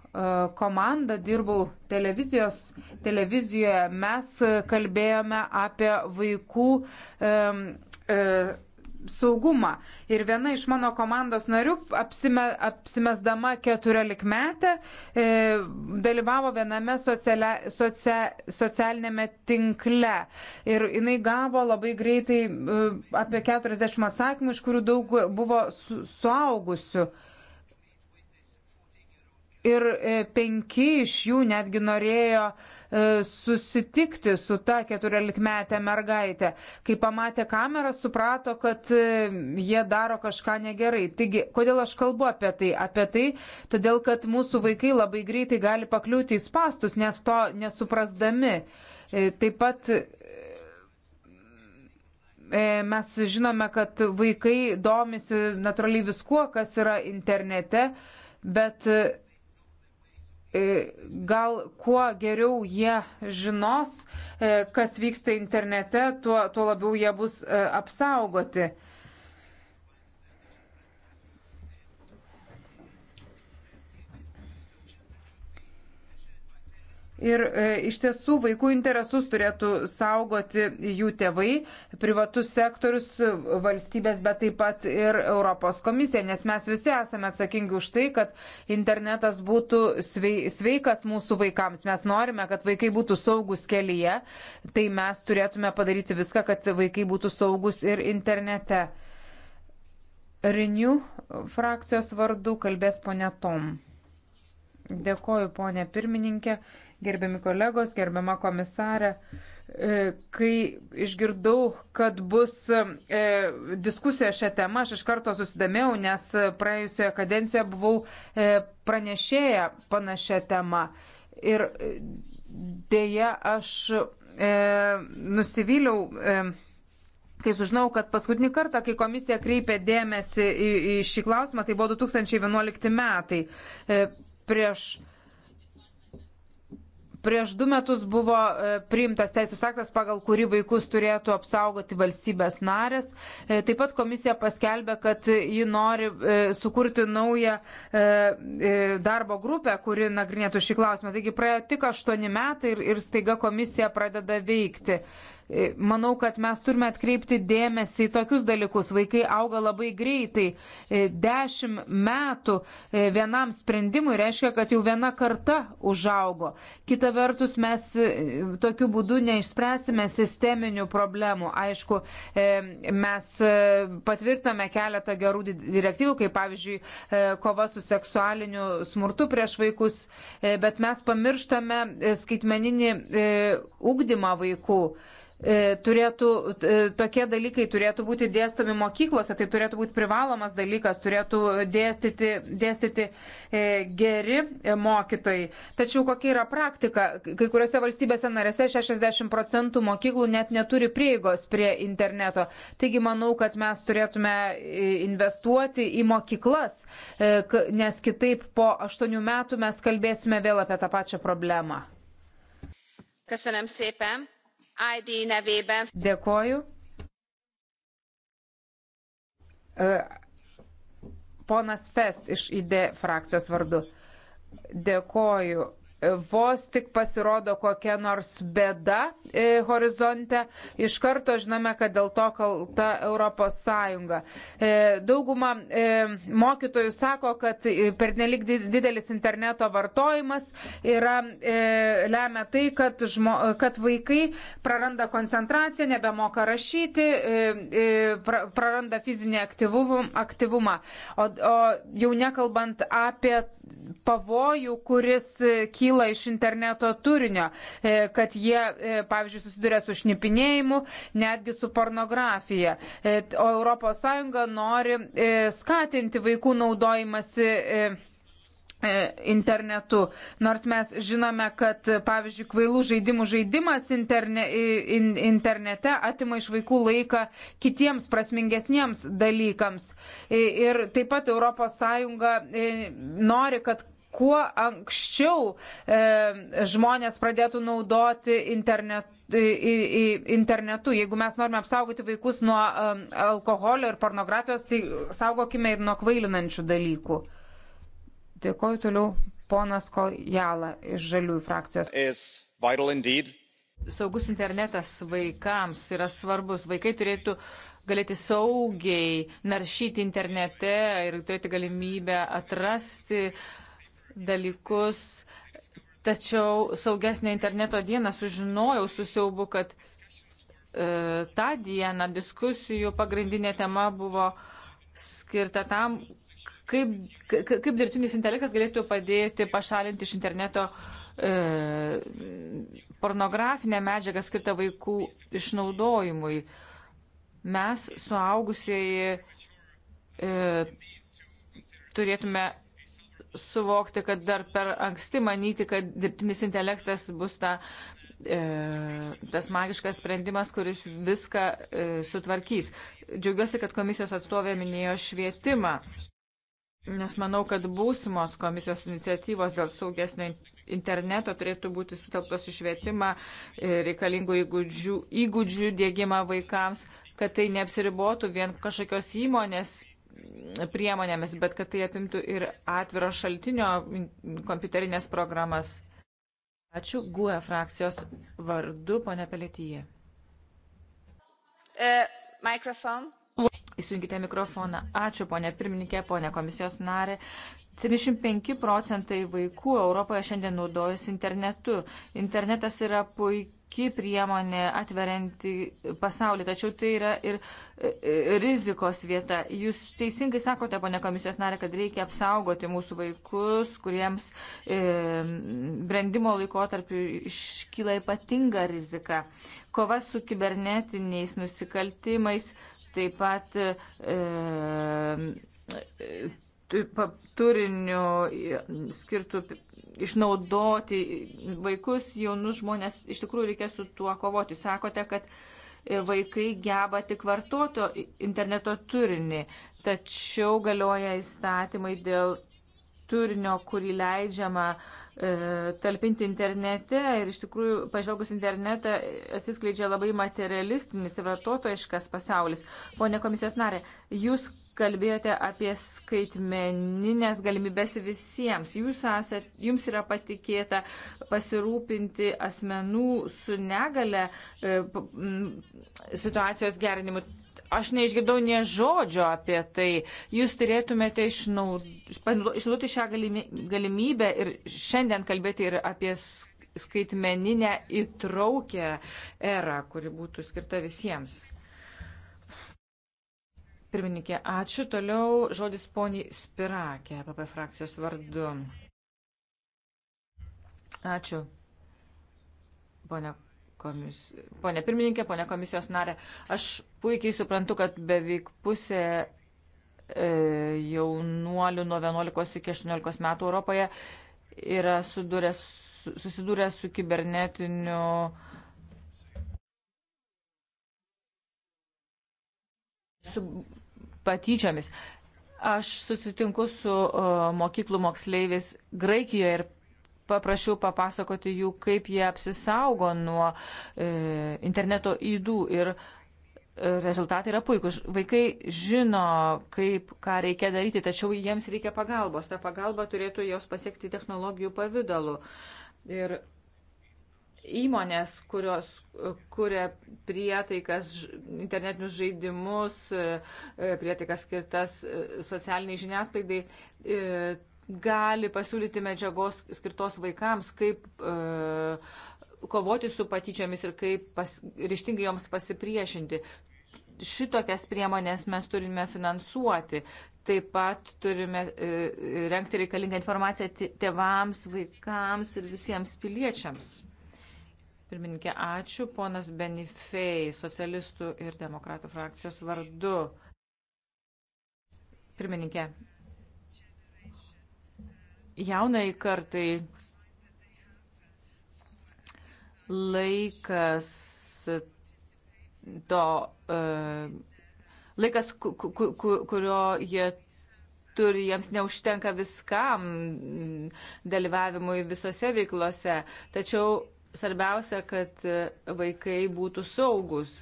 komanda dirbau televizijos, televizijoje, mes kalbėjome apie vaikų e, e, saugumą. Ir viena iš mano komandos narių, apsime, apsimesdama keturiolikmetę, e, dalyvavo viename socialia, socia, socialinėme tinkle. Ir jinai gavo labai greitai e, apie 40 atsakymų, iš kurių daug buvo su, suaugusių. Ir e, penki iš jų netgi norėjo e, E, susitikti su ta 14-metė mergaitė. Kai pamatė kamerą, suprato, kad e, jie daro kažką negerai. Taigi, kodėl aš kalbu apie tai? Apie tai, todėl kad mūsų vaikai labai greitai gali pakliūti į spastus, nes to nesuprasdami. E, taip pat mes žinome, kad vaikai domisi natūraliai viskuo, kas yra internete, bet E, gal kuo geriau jie žinos, e, kas vyksta internete, tuo, tuo labiau jie bus e, apsaugoti. Ir e, iš tiesų vaikų interesus turėtų saugoti jų tėvai, privatus sektorius, valstybės, bet taip pat ir Europos komisija, nes mes visi esame atsakingi už tai, kad internetas būtų sveikas mūsų vaikams. Mes norime, kad vaikai būtų saugus kelyje, tai mes turėtume padaryti viską, kad vaikai būtų saugus ir internete. Rinių frakcijos vardu kalbės ponė Tom. Dėkoju, ponė pirmininkė gerbiami kolegos, gerbiama komisarė. E, kai išgirdau, kad bus e, diskusija šią temą, aš iš karto susidomėjau, nes praėjusioje kadencijoje buvau e, pranešėję panašią temą. Ir e, dėja, aš e, nusivyliau. E, kai sužinau, kad paskutinį kartą, kai komisija kreipė dėmesį į, į šį klausimą, tai buvo 2011 metai. E, prieš Prieš du metus buvo e, priimtas teisės aktas, pagal kurį vaikus turėtų apsaugoti valstybės narės. E, taip pat komisija paskelbė, kad ji nori e, sukurti naują darbo grupę, kuri nagrinėtų šį klausimą. Taigi praėjo tik aštuoni metai ir, ir staiga komisija pradeda veikti. E, manau, kad mes turime atkreipti dėmesį į tokius dalykus. Vaikai auga labai greitai. E, dešimt metų e, vienam sprendimui reiškia, kad jau viena karta užaugo. Kita vertus, mes tokiu būdu neišspręsime sisteminių problemų. Aišku, mes patvirtiname keletą gerų direktyvų, kaip pavyzdžiui, kova su seksualiniu smurtu prieš vaikus, bet mes pamirštame skaitmeninį ugdymą vaikų. E, turėtų, e, tokie dalykai turėtų būti dėstomi mokyklose, tai turėtų būti privalomas dalykas, turėtų dėstyti, dėstyti e, geri mokytojai. Tačiau kokia yra praktika? Kai kuriuose valstybėse narėse 60 procentų mokyklų net neturi prieigos prie interneto. Taigi manau, kad mes turėtume investuoti į mokyklas, nes kitaip po 8 metų mes kalbėsime vėl apie tą pačią problemą. Köszönöm szépen! ID nevében. Dėkoju. E, ponas Fest iš ID frakcijos vardu. Dėkoju vos tik pasirodo kokia nors bėda e, horizonte, iš karto žinome, kad dėl to kalta Europos Sąjunga. E, dauguma e, mokytojų sako, kad e, pernelik didelis interneto vartojimas yra, e, lemia tai, kad, žmo, kad vaikai praranda koncentraciją, nebemoka rašyti, e, e pra, praranda fizinį aktyvumą. O, o jau nekalbant apie pavojų, kuris e, kyla kyla iš interneto turinio, e, kad jie, e, pavyzdžiui, susiduria su šnipinėjimu, netgi su pornografija. E, o ES nori skatinti vaikų naudojimąsi internetu. Nors mes žinome, kad, pavyzdžiui, kvailų žaidimų žaidimas interne, in, internete atima iš vaikų laiką kitiems prasmingesniems dalykams. Ir taip pat ES nori, kad kuo anksčiau e, žmonės pradėtų naudoti internetu internetu. Jeigu mes norime apsaugoti vaikus nuo um, alkoholio ir pornografijos, tai saugokime ir nuo kvailinančių dalykų. Dėkoju toliau ponas Kojala iš Žaliųjų frakcijos. Saugus internetas vaikams yra svarbus. Vaikai turėtų galėti saugiai naršyti internete ir turėti galimybę atrasti uh, dalykus, tačiau saugesnė interneto diena sužinojau su siaubu, kad e, tą dieną diskusijų pagrindinė tema buvo skirta tam, kaip, kaip dirbtinis intelektas galėtų padėti pašalinti iš interneto e, pornografinę medžiagą skirtą vaikų išnaudojimui. Mes suaugusieji e, turėtume suvokti, kad dar per anksti manyti, kad dirbtinis intelektas bus ta, e, tas magiškas sprendimas, kuris viską e, sutvarkys. Džiaugiuosi, kad komisijos atstovė minėjo švietimą, nes manau, kad būsimos komisijos iniciatyvos dėl saugesnio interneto turėtų būti sutelktos į švietimą, e, reikalingų įgūdžių, įgūdžių dėgymą vaikams, kad tai neapsiribotų vien kažkokios įmonės priemonėmis, bet kad tai apimtų ir atviro šaltinio kompiuterinės programas. Ačiū GUE frakcijos vardu, ponia Pelėtyje. E, mikrofon. Įsijungite mikrofoną. Ačiū, ponė pirmininkė, ponė komisijos narė. 75 procentai vaikų Europoje šiandien naudojasi internetu. Internetas yra puikiai puikiai priemonė atverianti pasaulį, tačiau tai yra ir e, e, rizikos vieta. Jūs teisingai sakote, ponė komisijos narė, kad reikia apsaugoti mūsų vaikus, kuriems e, brandimo laikotarpiu iškyla ypatinga rizika. Kova su kibernetiniais nusikaltimais, taip pat e, e turiniu skirtų išnaudoti vaikus, jaunus žmonės, iš tikrųjų reikia su tuo kovoti. Sakote, kad e, vaikai geba tik vartoto interneto turinį, tačiau galioja įstatymai dėl turinio, kurį leidžiama uh, E, talpinti internete ir iš tikrųjų pažvelgus internetą atsiskleidžia labai materialistinis ir vartotojiškas pasaulis. Pone komisijos narė, jūs kalbėjote apie skaitmeninės galimybės visiems. Jūs esat, jums yra patikėta pasirūpinti asmenų su negale e, situacijos gerinimu. Aš neišgirdau nie žodžio apie tai. Jūs turėtumėte išnaudoti šią galimybę ir šiandien kalbėti ir apie skaitmeninę įtraukę erą, kuri būtų skirta visiems. Pirmininkė, ačiū. Toliau žodis poniai Spirakė, PP frakcijos vardu. Ačiū, ponia komis... Pone pirmininkė, pone komisijos narė, aš puikiai suprantu, kad beveik pusė e, jaunuolių nuo 11 iki 18 metų Europoje yra sudūrę, susidūrę su kibernetiniu su patyčiomis. Aš susitinku su uh, mokyklų moksleiviais Graikijoje ir paprašiau papasakoti jų, kaip jie apsisaugo nuo e, interneto įdų ir e, rezultatai yra puikūs. Vaikai žino, kaip, ką reikia daryti, tačiau jiems reikia pagalbos. Ta pagalba turėtų jos pasiekti technologijų pavydalu. Ir įmonės, kurios e, kuria prietaikas, internetinius žaidimus, e, prietaikas skirtas socialiniai žiniasklaidai, gali pasiūlyti medžiagos skirtos vaikams, kaip e, kovoti su patyčiomis ir kaip pas, ryštingai joms pasipriešinti. Šitokias priemonės mes turime finansuoti. Taip pat turime e, renkti reikalingą informaciją tėvams, vaikams ir visiems piliečiams. Pirmininkė, ačiū. Ponas Benifei, socialistų ir demokratų frakcijos vardu. Pirmininkė, jaunai kartai laikas to, e, laikas, kurio jie turi, jiems neužtenka viskam dalyvavimui visose veiklose. Tačiau svarbiausia, kad e, vaikai būtų saugus.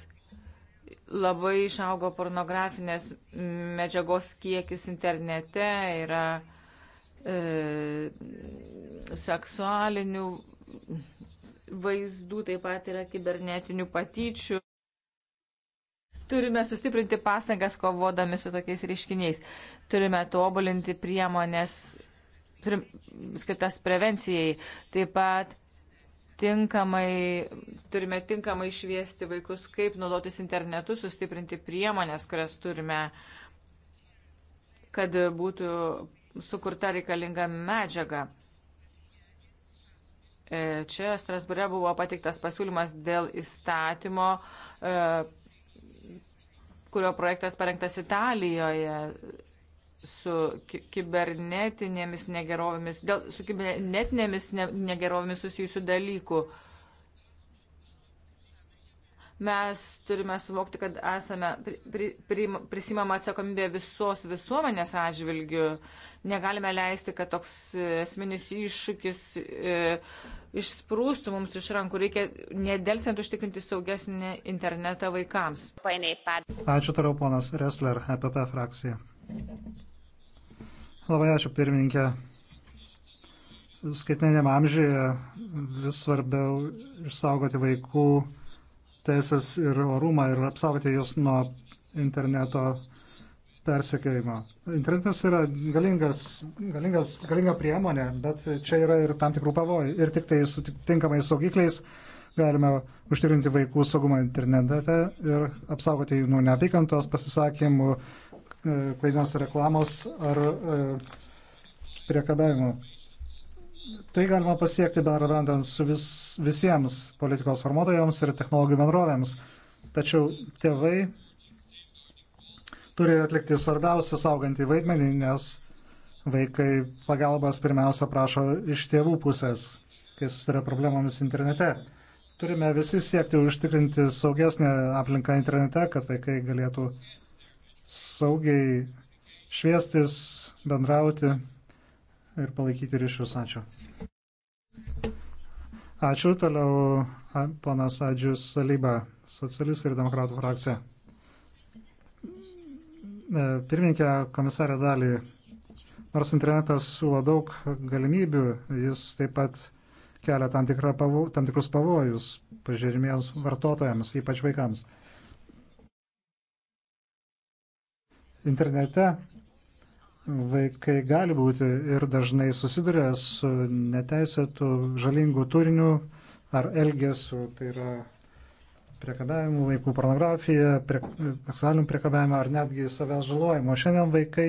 Labai išaugo pornografinės medžiagos kiekis internete, yra E, seksualinių vaizdų, taip pat yra kibernetinių patyčių. Turime sustiprinti pastangas kovodami su tokiais reiškiniais. Turime tobulinti priemonės turim, skirtas prevencijai. Taip pat tinkamai, turime tinkamai šviesti vaikus, kaip naudotis internetu, sustiprinti priemonės, kurias turime, kad būtų sukurta reikalinga medžiaga. E, čia Strasbūre buvo pateiktas pasiūlymas dėl įstatymo, e, kurio projektas parengtas Italijoje su kibernetinėmis negerovėmis, dėl, su kibernetinėmis negerovėmis susijusių dalykų. Mes turime suvokti, kad esame pri, pri, pri, prisimama atsakomybė visos visuomenės atžvilgių. Negalime leisti, kad toks esminis iššūkis e, išsprūstų mums iš rankų. Reikia nedelsiant užtikrinti saugesnį internetą vaikams. Ačiū toliau, ponas Resler, EPP frakcija. Labai ačiū, pirmininkė skaitmeniniam amžiuje vis svarbiau išsaugoti vaikų teisės ir orumą ir apsaugoti juos nuo interneto persekėjimo. Internetas yra galingas, galingas, galinga priemonė, bet čia yra ir tam tikrų pavojų. Ir tik tai su tinkamais saugikliais galime užtikrinti vaikų saugumą internete ir apsaugoti jų nuo neapykantos pasisakymų, e, klaidos reklamos ar e, priekabiavimo. Tai galima pasiekti bendradarbiaujant su vis, visiems politikos formuotojams ir technologijų bendrovėms. Tačiau tėvai turi atlikti svarbiausią saugantį vaidmenį, nes vaikai pagalbas pirmiausia prašo iš tėvų pusės, kai susiduria problemomis internete. Turime visi siekti užtikrinti saugesnę aplinką internete, kad vaikai galėtų saugiai šviestis, bendrauti ir palaikyti ryšius. Ačiū. Ačiū. Toliau ponas Adžius Salyba, socialistų ir demokratų frakcija. E, pirmininkė komisarė dalį, nors internetas siūlo daug galimybių, jis taip pat kelia tam, pavo, tam tikrus pavojus pažiūrimiems vartotojams, ypač vaikams. Internete vaikai gali būti ir dažnai susiduria su neteisėtų žalingų turinių ar elgesių, tai yra priekabiavimų, vaikų pornografija, prie, seksualinių priekabiavimų ar netgi savęs žalojimo. Šiandien vaikai,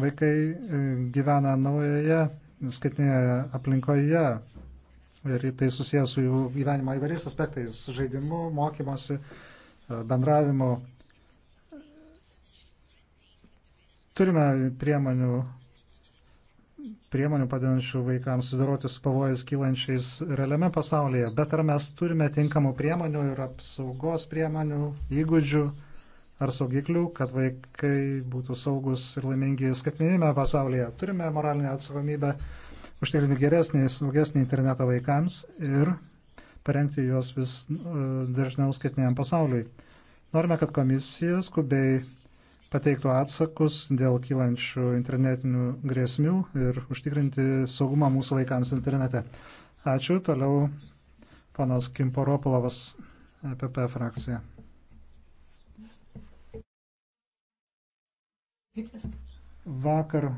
vaikai e, gyvena naujoje skaitinėje aplinkoje ir tai susijęs su jų gyvenimo įvairiais aspektais - žaidimu, mokymosi, e, bendravimu Turime priemonių, priemonių padedančių vaikams sudaroti su pavojais kylančiais realiame pasaulyje, bet ar mes turime tinkamų priemonių ir apsaugos priemonių, įgūdžių ar saugiklių, kad vaikai būtų saugus ir laimingi skaitmeninėme pasaulyje. Turime moralinę atsakomybę užtikrinti geresnį, saugesnį internetą vaikams ir parengti juos vis uh, dažniau skaitmeniam pasauliui. Norime, kad komisija skubiai pateiktų atsakus dėl kylančių internetinių grėsmių ir užtikrinti saugumą mūsų vaikams internete. Ačiū. Toliau panas Kimporopolovas, EPP frakcija. Vakar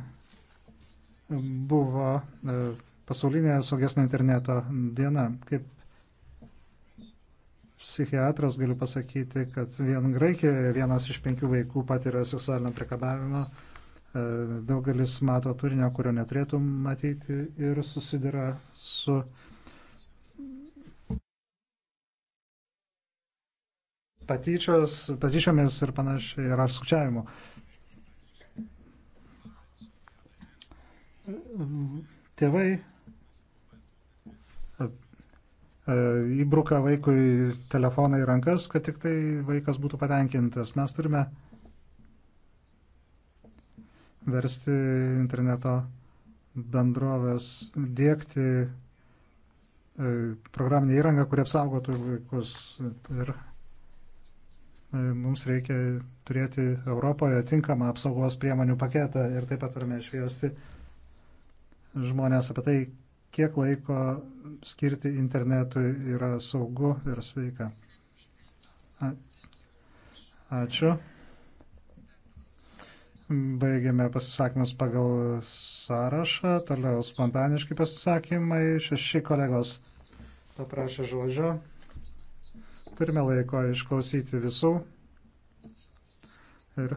buvo e, pasaulinė saugesnio interneto diena. Kaip psichiatras galiu pasakyti, kad vien Graikijoje vienas iš penkių vaikų patiria seksualinio priekabavimą, e, daugelis mato turinio, kurio neturėtų matyti ir susidara su. Patyčios, patyčiomis ir panašiai, ir ar skučiavimu. Tėvai E, įbruka vaikui telefoną į rankas, kad tik tai vaikas būtų patenkintas. Mes turime versti interneto bendrovės dėkti e, programinę įrangą, kuri apsaugotų vaikus. Ir e, mums reikia turėti Europoje tinkamą apsaugos priemonių paketą ir taip pat turime išviesti žmonės apie tai, kiek laiko skirti internetui yra saugu ir sveika. Ačiū. Baigiame pasisakymus pagal sąrašą. Toliau spontaniški pasisakymai. Šeši kolegos paprašė žodžio. Turime laiko išklausyti visų. Ir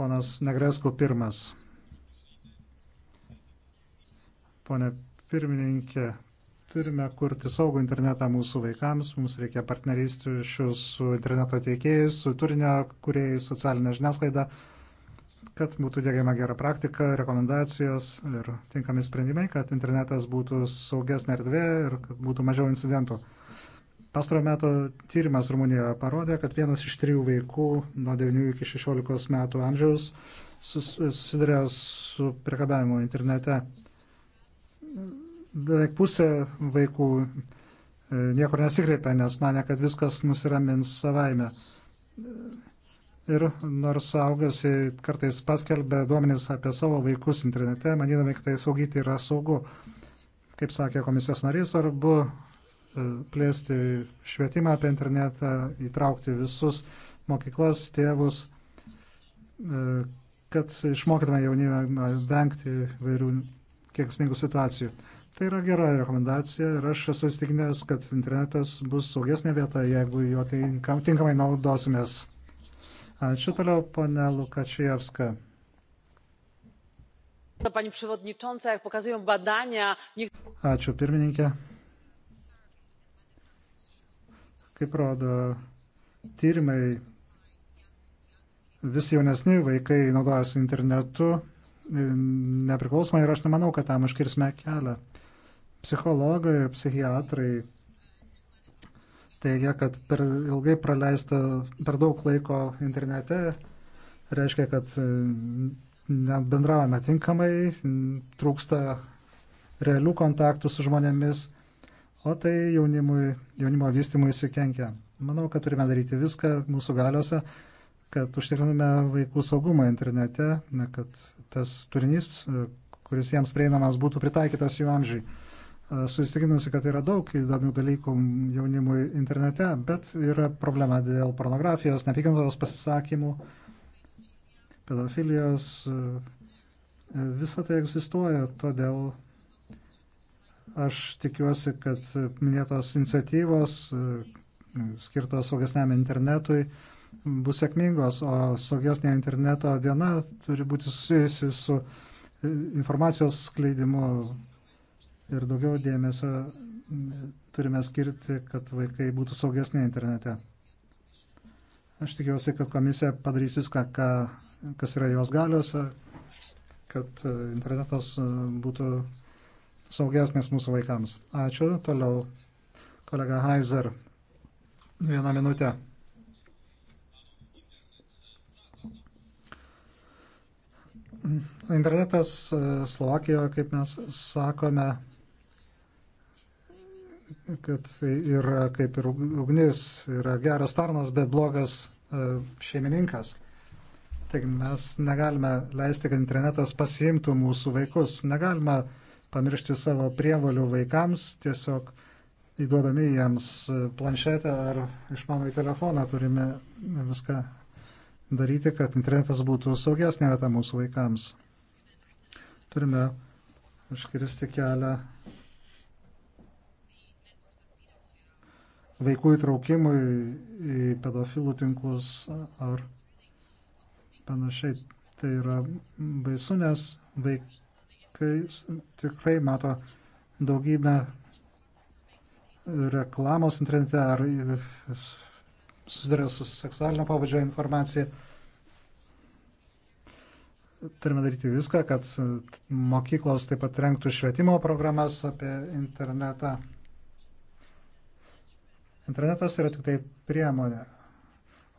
ponas Negresku pirmas. Pone pirmininkė. Turime kurti saugų internetą mūsų vaikams, mums reikia partnerysčių su interneto teikėjais, su turinio kuriejais, socialinė žiniasklaida, kad būtų dėgiama gera praktika, rekomendacijos ir tinkami sprendimai, kad internetas būtų saugesnė erdvė ir kad būtų mažiau incidentų. Pastarojo meto tyrimas Rumunijoje parodė, kad vienas iš trijų vaikų nuo 9 iki 16 metų amžiaus susiduria su priekabiavimu internete beveik pusė vaikų e, niekur nesikreipia, nes mane, kad viskas nusiramins savaime. Ir nors augiusi kartais paskelbė duomenys apie savo vaikus internete, manydami, kad tai saugyti yra saugu. Kaip sakė komisijos narys, svarbu e, plėsti švietimą apie internetą, įtraukti visus mokyklas, tėvus, e, kad išmokytume jaunimą vengti vairių kenksmingų situacijų. Tai yra gera rekomendacija ir aš esu įstikinęs, kad internetas bus saugesnė vieta, jeigu jo tinkamai naudosimės. Ačiū toliau, ponė Lukačievska. Pani przewodnicząca, jak pokazują badania. Ačiū pirmininkė. Kaip rodo tyrimai, vis jaunesni vaikai naudojasi internetu nepriklausomai ir aš nemanau, kad tam iškirsime kelią. Psichologai ir psichiatrai teigia, kad per ilgai praleista per daug laiko internete reiškia, kad e, bendravome tinkamai, trūksta realių kontaktų su žmonėmis, o tai jaunimui, jaunimo vystimui įsikenkia. Manau, kad turime daryti viską mūsų galiuose, kad užtikrintume vaikų saugumą internete, na, kad tas turinys, kuris jiems prieinamas, būtų pritaikytas jų amžiai. Susitikinusi, kad yra daug įdomių dalykų jaunimui internete, bet yra problema dėl pornografijos, neapykantos pasisakymų, pedofilijos. Visa tai egzistuoja, todėl aš tikiuosi, kad minėtos iniciatyvos skirtos saugesniam internetui bus sėkmingos, o saugesnė interneto diena turi būti susijusi su e, informacijos skleidimu ir daugiau dėmesio turime skirti, kad vaikai būtų saugesnė internete. Aš tikiuosi, kad komisija padarys viską, ką, kas yra jos galiuose, kad e, internetas e, būtų saugesnis mūsų vaikams. Ačiū. Toliau kolega Heiser. Vieną minutę. Internetas e, Slovakijoje, kaip mes sakome, kad tai yra kaip ir ugnis, yra geras tarnas, bet blogas e, šeimininkas. Taigi mes negalime leisti, kad internetas pasiimtų mūsų vaikus. Negalime pamiršti savo prievalių vaikams, tiesiog įduodami jiems e, planšetę ar išmanųjį telefoną turime viską daryti, kad internetas būtų saugesnė vieta mūsų vaikams. Turime iškirsti kelią vaikų įtraukimui į pedofilų tinklus ar panašiai. Tai yra baisu, nes vaikai tikrai mato daugybę reklamos internete ar susiduria su seksualinio pabudžio informacija. Turime daryti viską, kad mokyklos taip pat renktų švietimo programas apie internetą. Internetas yra tik tai priemonė,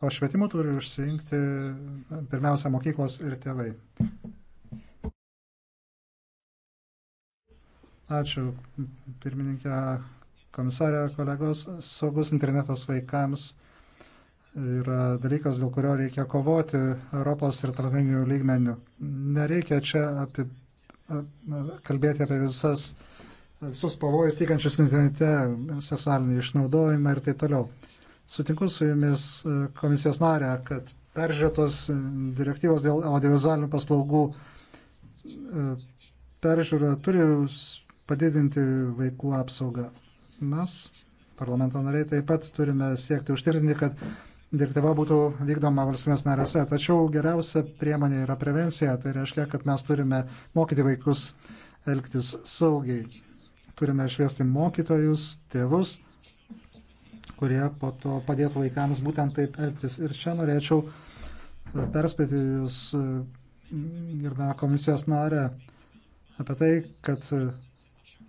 o švietimu turi užsiimti pirmiausia mokyklos ir tėvai. Ačiū, pirmininkė komisarė, kolegos. Saugus internetas vaikams yra dalykas, dėl kurio reikia kovoti Europos ir tarptautinių lygmenių. Nereikia čia apie, kalbėti apie visas, visus pavojus tykančius internete, seksualinį išnaudojimą ir taip toliau. Sutinku su jumis komisijos narė, kad peržiūrėtos direktyvos dėl audiovizualinių paslaugų peržiūra turi padidinti vaikų apsaugą. Mes parlamento nariai taip pat turime siekti užtikrinti, kad direktyva būtų vykdoma valstybės narėse. Tačiau geriausia priemonė yra prevencija. Tai reiškia, kad mes turime mokyti vaikus elgtis saugiai. Turime šviesti mokytojus, tėvus, kurie po to padėtų vaikams būtent taip elgtis. Ir čia norėčiau perspėti jūs, mm, gerbama komisijos narė, apie tai, kad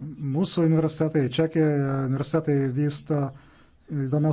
mūsų universitetai, Čekijoje universitetai vysto įdomias